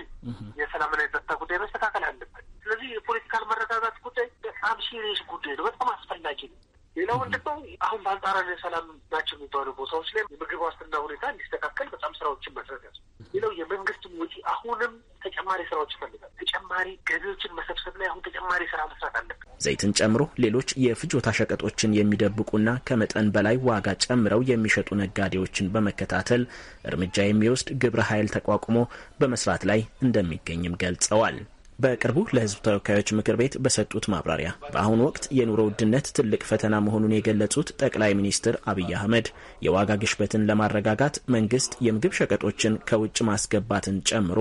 የሰላምና የጸጥታ ጉዳይ መስተካከል አለበት። ስለዚህ የፖለቲካል መረጋጋት ጉዳይ በጣም ሲሪየስ ጉዳይ ነው። በጣም አስፈላጊ ነው። ሌላው ምንድን ነው አሁን በአንጻራዊ ሰላም ናቸው የሚባሉ ቦታዎች ላይ የምግብ ዋስትና ሁኔታ እንዲስተካከል በጣም ስራዎችን መስረት ያስ ሌላው የመንግስትም ወጪ አሁንም ተጨማሪ ስራዎች ይፈልጋል። ተጨማሪ ገቢዎችን መሰብሰብ ላይ አሁን ተጨማሪ ስራ መስራት አለብን። ዘይትን ጨምሮ ሌሎች የፍጆታ ሸቀጦችን የሚደብቁና ከመጠን በላይ ዋጋ ጨምረው የሚሸጡ ነጋዴዎችን በመከታተል እርምጃ የሚወስድ ግብረ ኃይል ተቋቁሞ በመስራት ላይ እንደሚገኝም ገልጸዋል። በቅርቡ ለሕዝብ ተወካዮች ምክር ቤት በሰጡት ማብራሪያ በአሁኑ ወቅት የኑሮ ውድነት ትልቅ ፈተና መሆኑን የገለጹት ጠቅላይ ሚኒስትር አብይ አህመድ የዋጋ ግሽበትን ለማረጋጋት መንግስት የምግብ ሸቀጦችን ከውጭ ማስገባትን ጨምሮ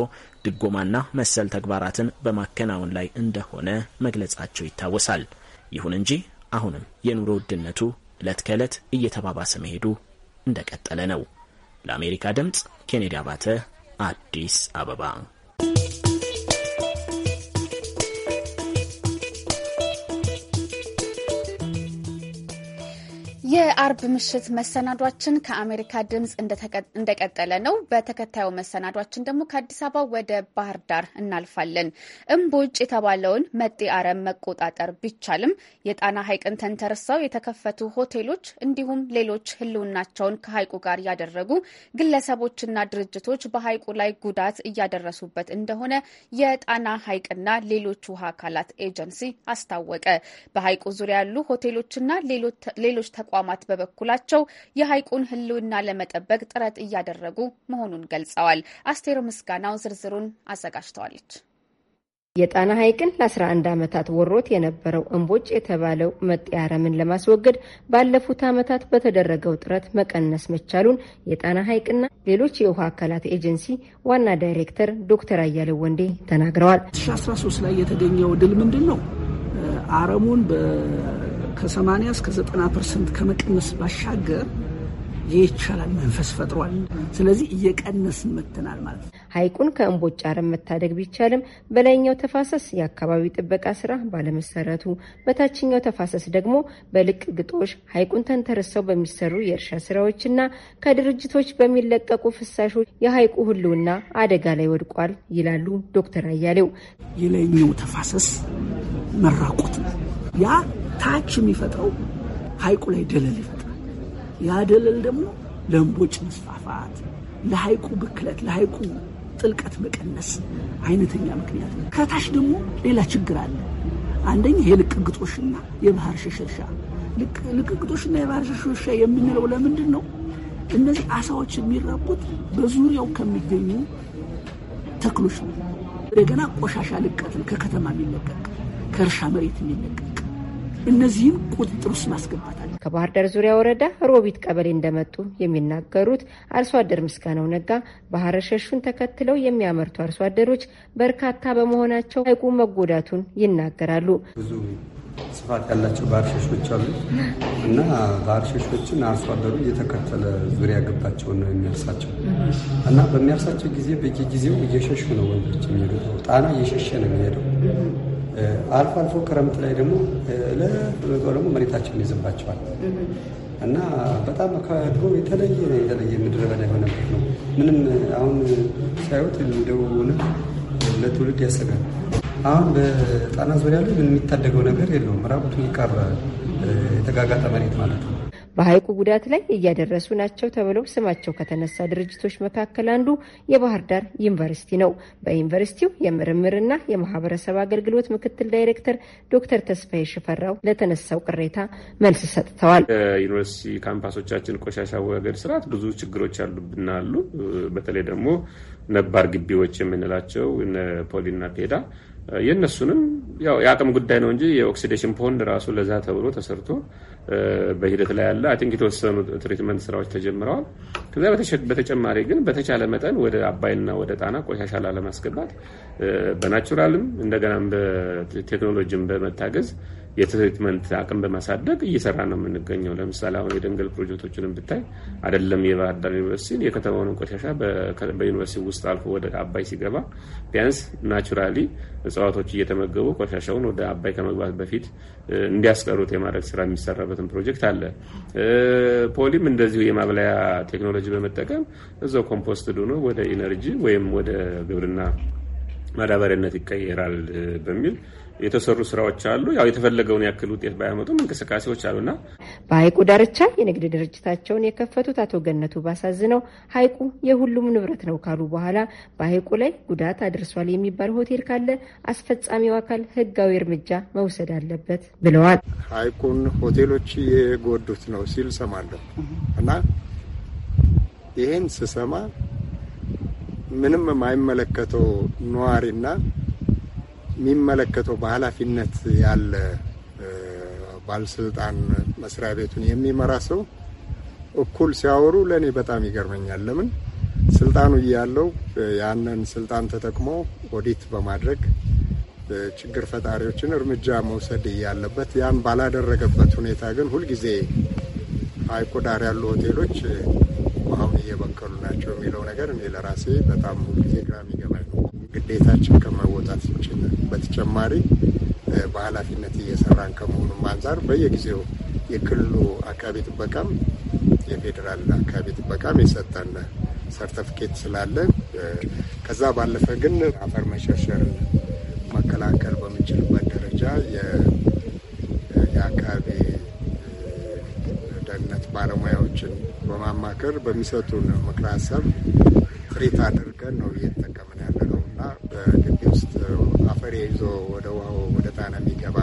ድጎማና መሰል ተግባራትን በማከናወን ላይ እንደሆነ መግለጻቸው ይታወሳል። ይሁን እንጂ አሁንም የኑሮ ውድነቱ ዕለት ከዕለት እየተባባሰ መሄዱ እንደቀጠለ ነው። ለአሜሪካ ድምፅ ኬኔዲ አባተ አዲስ አበባ የአርብ ምሽት መሰናዷችን ከአሜሪካ ድምፅ እንደቀጠለ ነው። በተከታዩ መሰናዷችን ደግሞ ከአዲስ አበባ ወደ ባህር ዳር እናልፋለን። እምቦጭ የተባለውን መጤ አረም መቆጣጠር ቢቻልም የጣና ሐይቅን ተንተርሰው የተከፈቱ ሆቴሎች እንዲሁም ሌሎች ሕልውናቸውን ከሐይቁ ጋር ያደረጉ ግለሰቦችና ድርጅቶች በሐይቁ ላይ ጉዳት እያደረሱበት እንደሆነ የጣና ሐይቅና ሌሎች ውሃ አካላት ኤጀንሲ አስታወቀ። በሐይቁ ዙሪያ ያሉ ሆቴሎችና ሌሎች ተቋ ተቋማት በበኩላቸው የሐይቁን ሕልውና ለመጠበቅ ጥረት እያደረጉ መሆኑን ገልጸዋል። አስቴር ምስጋናው ዝርዝሩን አዘጋጅተዋለች። የጣና ሐይቅን ለ11 ዓመታት ወሮት የነበረው እምቦጭ የተባለው መጤ አረምን ለማስወገድ ባለፉት ዓመታት በተደረገው ጥረት መቀነስ መቻሉን የጣና ሐይቅና ሌሎች የውሃ አካላት ኤጀንሲ ዋና ዳይሬክተር ዶክተር አያሌው ወንዴ ተናግረዋል። 2013 ላይ የተገኘው ድል ምንድን ነው? አረሙን ከ80 እስከ 90 ፐርሰንት ከመቀነስ ባሻገር ይቻላል መንፈስ ፈጥሯል። ስለዚህ እየቀነስን መጥተናል ማለት ነው። ሐይቁን ከእምቦጭ አረም መታደግ ቢቻልም በላይኛው ተፋሰስ የአካባቢ ጥበቃ ስራ ባለመሰረቱ፣ በታችኛው ተፋሰስ ደግሞ በልቅ ግጦሽ ሐይቁን ተንተርሰው በሚሰሩ የእርሻ ስራዎችና ከድርጅቶች በሚለቀቁ ፍሳሾች የሐይቁ ህልውና አደጋ ላይ ወድቋል ይላሉ ዶክተር አያሌው። የላይኛው ተፋሰስ መራቆት ነው ያ ታች የሚፈጥረው ሀይቁ ላይ ደለል ይፈጥራል። ያ ደለል ደግሞ ለእንቦጭ መስፋፋት፣ ለሀይቁ ብክለት፣ ለሀይቁ ጥልቀት መቀነስ አይነተኛ ምክንያት ነው። ከታች ደግሞ ሌላ ችግር አለ። አንደኛ የልቅግጦሽና የባህር ሸሸርሻ ግጦሽና የባህር ሸሸርሻ የምንለው ለምንድን ነው? እነዚህ አሳዎች የሚራቡት በዙሪያው ከሚገኙ ተክሎች ነው። እንደገና ቆሻሻ ልቀት ከከተማ የሚለቀቅ ከእርሻ መሬት የሚለቀቅ እነዚህም ቁጥጥር ውስጥ አለ። ከባህር ዳር ዙሪያ ወረዳ ሮቢት ቀበሌ እንደመጡ የሚናገሩት አርሶ አደር ምስጋናው ነጋ ባህረ ሸሹን ተከትለው የሚያመርቱ አርሶ አደሮች በርካታ በመሆናቸው ሀይቁ መጎዳቱን ይናገራሉ። ብዙ ስፋት ያላቸው ባህር ሸሾች አሉ እና ባህር ሸሾችን አርሶ አደሩ እየተከተለ ዙሪያ ገባቸውን ነው የሚያርሳቸው እና በሚያርሳቸው ጊዜ በየጊዜው እየሸሹ ነው ወንዶች የሚሄዱ ጣና እየሸሸ ነው የሚሄደው አልፎ አልፎ ክረምት ላይ ደግሞ ለበጋው ደግሞ መሬታችን ይዝባቸዋል እና በጣም ከድሮ የተለየ የተለየ ምድረ በዳ የሆነበት ነው። ምንም አሁን ሳይወት እንደው ለትውልድ ያሰጋል። አሁን በጣና ዙሪያ ላይ ምን የሚታደገው ነገር የለውም። ራቁቱን ይቀራል የተጋጋጠ መሬት ማለት ነው። በሐይቁ ጉዳት ላይ እያደረሱ ናቸው ተብለው ስማቸው ከተነሳ ድርጅቶች መካከል አንዱ የባህር ዳር ዩኒቨርሲቲ ነው። በዩኒቨርሲቲው የምርምርና የማህበረሰብ አገልግሎት ምክትል ዳይሬክተር ዶክተር ተስፋዬ ሽፈራው ለተነሳው ቅሬታ መልስ ሰጥተዋል። ዩኒቨርሲቲ ካምፓሶቻችን ቆሻሻ ወገድ ስርዓት ብዙ ችግሮች ያሉብን በተለይ ደግሞ ነባር ግቢዎች የምንላቸው ፖሊና ፔዳ የእነሱንም ያው የአቅም ጉዳይ ነው እንጂ የኦክሲዴሽን ፖንድ ራሱ ለዛ ተብሎ ተሰርቶ በሂደት ላይ ያለ አይ ቲንክ የተወሰኑ ትሪትመንት ስራዎች ተጀምረዋል። ከዚያ በተጨማሪ ግን በተቻለ መጠን ወደ አባይና ወደ ጣና ቆሻሻ ላለማስገባት በናቹራልም እንደገናም በቴክኖሎጂም በመታገዝ የትሪትመንት አቅም በማሳደግ እየሰራ ነው የምንገኘው። ለምሳሌ አሁን የደንገል ፕሮጀክቶችንም ብታይ አይደለም የባህር ዳር ዩኒቨርሲቲ የከተማውን ቆሻሻ በዩኒቨርሲቲ ውስጥ አልፎ ወደ አባይ ሲገባ ቢያንስ ናቹራሊ እጽዋቶች እየተመገቡ ቆሻሻውን ወደ አባይ ከመግባት በፊት እንዲያስቀሩት የማድረግ ስራ የሚሰራበትን ፕሮጀክት አለ። ፖሊም እንደዚሁ የማብለያ ቴክኖሎጂ በመጠቀም እዛው ኮምፖስት ሆኖ ወደ ኢነርጂ ወይም ወደ ግብርና ማዳበሪያነት ይቀየራል በሚል የተሰሩ ስራዎች አሉ። ያው የተፈለገውን ያክል ውጤት ባያመጡም እንቅስቃሴዎች አሉና በሀይቁ ዳርቻ የንግድ ድርጅታቸውን የከፈቱት አቶ ገነቱ ባሳዝነው ሀይቁ የሁሉም ንብረት ነው ካሉ በኋላ በሀይቁ ላይ ጉዳት አድርሷል የሚባል ሆቴል ካለ አስፈጻሚው አካል ህጋዊ እርምጃ መውሰድ አለበት ብለዋል። ሀይቁን ሆቴሎች የጎዱት ነው ሲል ሰማለሁ እና ይህን ስሰማ ምንም የማይመለከተው ነዋሪና የሚመለከተው በኃላፊነት ያለ ባለስልጣን መስሪያ ቤቱን የሚመራ ሰው እኩል ሲያወሩ ለእኔ በጣም ይገርመኛል። ለምን ስልጣኑ እያለው ያንን ስልጣን ተጠቅሞ ኦዲት በማድረግ ችግር ፈጣሪዎችን እርምጃ መውሰድ እያለበት ያን ባላደረገበት ሁኔታ ግን ሁልጊዜ ሐይቁ ዳር ያሉ ሆቴሎች ውሃውን እየበከሉ ናቸው የሚለው ነገር እኔ ለራሴ በጣም ሁልጊዜ ግራ የሚገባኝ ነው። ግዴታችን ከመወጣት በተጨማሪ በኃላፊነት እየሰራን ከመሆኑም አንጻር በየጊዜው የክልሉ አካባቢ ጥበቃም የፌዴራል አካባቢ ጥበቃም የሰጠን ሰርተፍኬት ስላለ ከዛ ባለፈ ግን አፈር መሸርሸርን መከላከል በምንችልበት ደረጃ የአካባቢ ደህንነት ባለሙያዎችን በማማከር በሚሰጡን ምክረ ሀሳብ ጥሪት አድርገን ነው በግቢ ውስጥ አፈር ይዞ ወደ ውሃው ወደ ጣና የሚገባ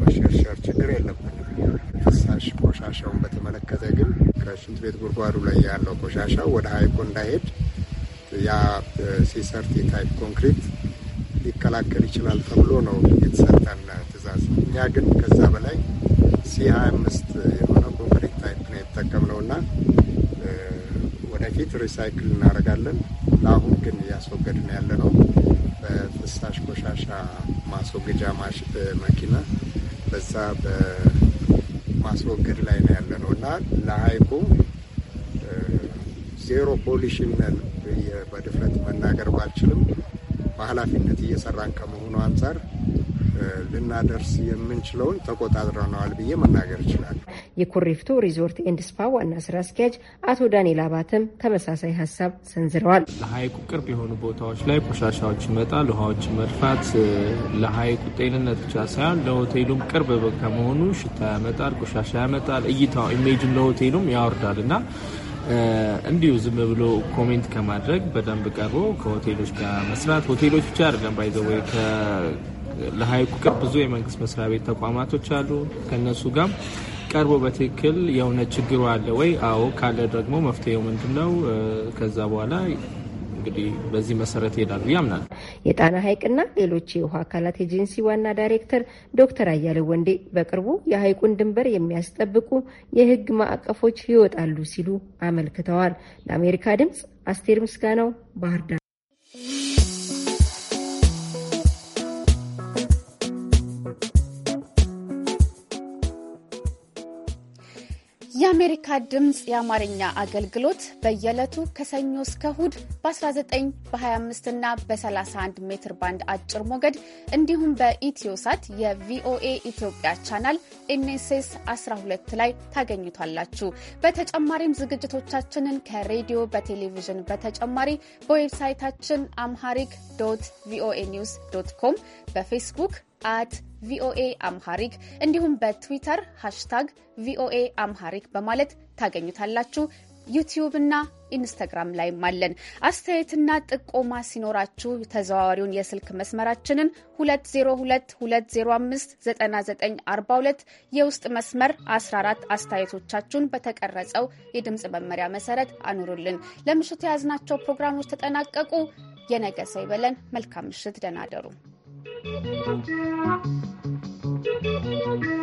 መሸርሸር ችግር የለብንም። ፍሳሽ ቆሻሻውን በተመለከተ ግን ከሽንት ቤት ጉድጓዱ ላይ ያለው ቆሻሻ ወደ ሀይቁ እንዳይሄድ ያ ሲሰርቲ ታይፕ ኮንክሪት ሊከላከል ይችላል ተብሎ ነው የተሰጠን ትዕዛዝ። እኛ ግን ከዛ በላይ ሲ ሀያ አምስት የሆነ ኮንክሪት ታይፕ ነው የተጠቀምነው እና ወደፊት ሪሳይክል እናደርጋለን። አሁን ግን እያስወገድን ያለ ነው በፍሳሽ ቆሻሻ ማስወገጃ መኪና በዛ በማስወገድ ላይ ነው ያለ ነው እና ለሀይቁ ዜሮ ፖሊሽን በድፍረት መናገር ባልችልም በኃላፊነት እየሰራን ከመሆኑ አንጻር ልናደርስ የምንችለውን ተቆጣጥረነዋል ብዬ መናገር ይችላል። የኩሪፍቱ ሪዞርት ኤንድ ስፓ ዋና ስራ አስኪያጅ አቶ ዳንኤል አባተም ተመሳሳይ ሀሳብ ሰንዝረዋል። ለሀይቁ ቅርብ የሆኑ ቦታዎች ላይ ቆሻሻዎች ይመጣል፣ ውሃዎች መድፋት ለሀይቁ ጤንነት ብቻ ሳይሆን ለሆቴሉም ቅርብ ከመሆኑ ሽታ ያመጣል፣ ቆሻሻ ያመጣል፣ እይታ ኢሜጅን ለሆቴሉም ያወርዳል እና እንዲሁ ዝም ብሎ ኮሜንት ከማድረግ በደንብ ቀርቦ ከሆቴሎች ጋር መስራት ሆቴሎች ብቻ አይደለም ወይ ለሀይቁ ቅርብ ብዙ የመንግስት መስሪያ ቤት ተቋማቶች አሉ ከእነሱ ጋር ቀርቦ በትክክል የሆነ ችግሩ አለ ወይ? አዎ ካለ ደግሞ መፍትሄው ምንድን ነው? ከዛ በኋላ እንግዲህ በዚህ መሰረት ይሄዳሉ ያምናል። የጣና ሐይቅና ሌሎች የውሃ አካላት ኤጀንሲ ዋና ዳይሬክተር ዶክተር አያሌው ወንዴ በቅርቡ የሐይቁን ድንበር የሚያስጠብቁ የሕግ ማዕቀፎች ይወጣሉ ሲሉ አመልክተዋል። ለአሜሪካ ድምፅ አስቴር ምስጋናው ባህር ዳር የአሜሪካ ድምፅ የአማርኛ አገልግሎት በየዕለቱ ከሰኞ እስከ እሁድ በ19 በ25 እና በ31 ሜትር ባንድ አጭር ሞገድ እንዲሁም በኢትዮሳት የቪኦኤ ኢትዮጵያ ቻናል ኤንኤስኤስ 12 ላይ ታገኙታላችሁ። በተጨማሪም ዝግጅቶቻችንን ከሬዲዮ በቴሌቪዥን በተጨማሪ በዌብሳይታችን አምሃሪክ ዶት ቪኦኤ ኒውስ ዶት ኮም በፌስቡክ አት ቪኦኤ አምሃሪክ እንዲሁም በትዊተር ሃሽታግ ቪኦኤ አምሃሪክ በማለት ታገኙታላችሁ። ዩቲዩብ እና ኢንስታግራም ላይ አለን። አስተያየትና ጥቆማ ሲኖራችሁ ተዘዋዋሪውን የስልክ መስመራችንን 2022059942 የውስጥ መስመር 14 አስተያየቶቻችሁን በተቀረጸው የድምፅ መመሪያ መሰረት አኑሩልን። ለምሽቱ የያዝናቸው ፕሮግራሞች ተጠናቀቁ። የነገ ሰው ይበለን። መልካም ምሽት። ደህና አደሩ። Thank you.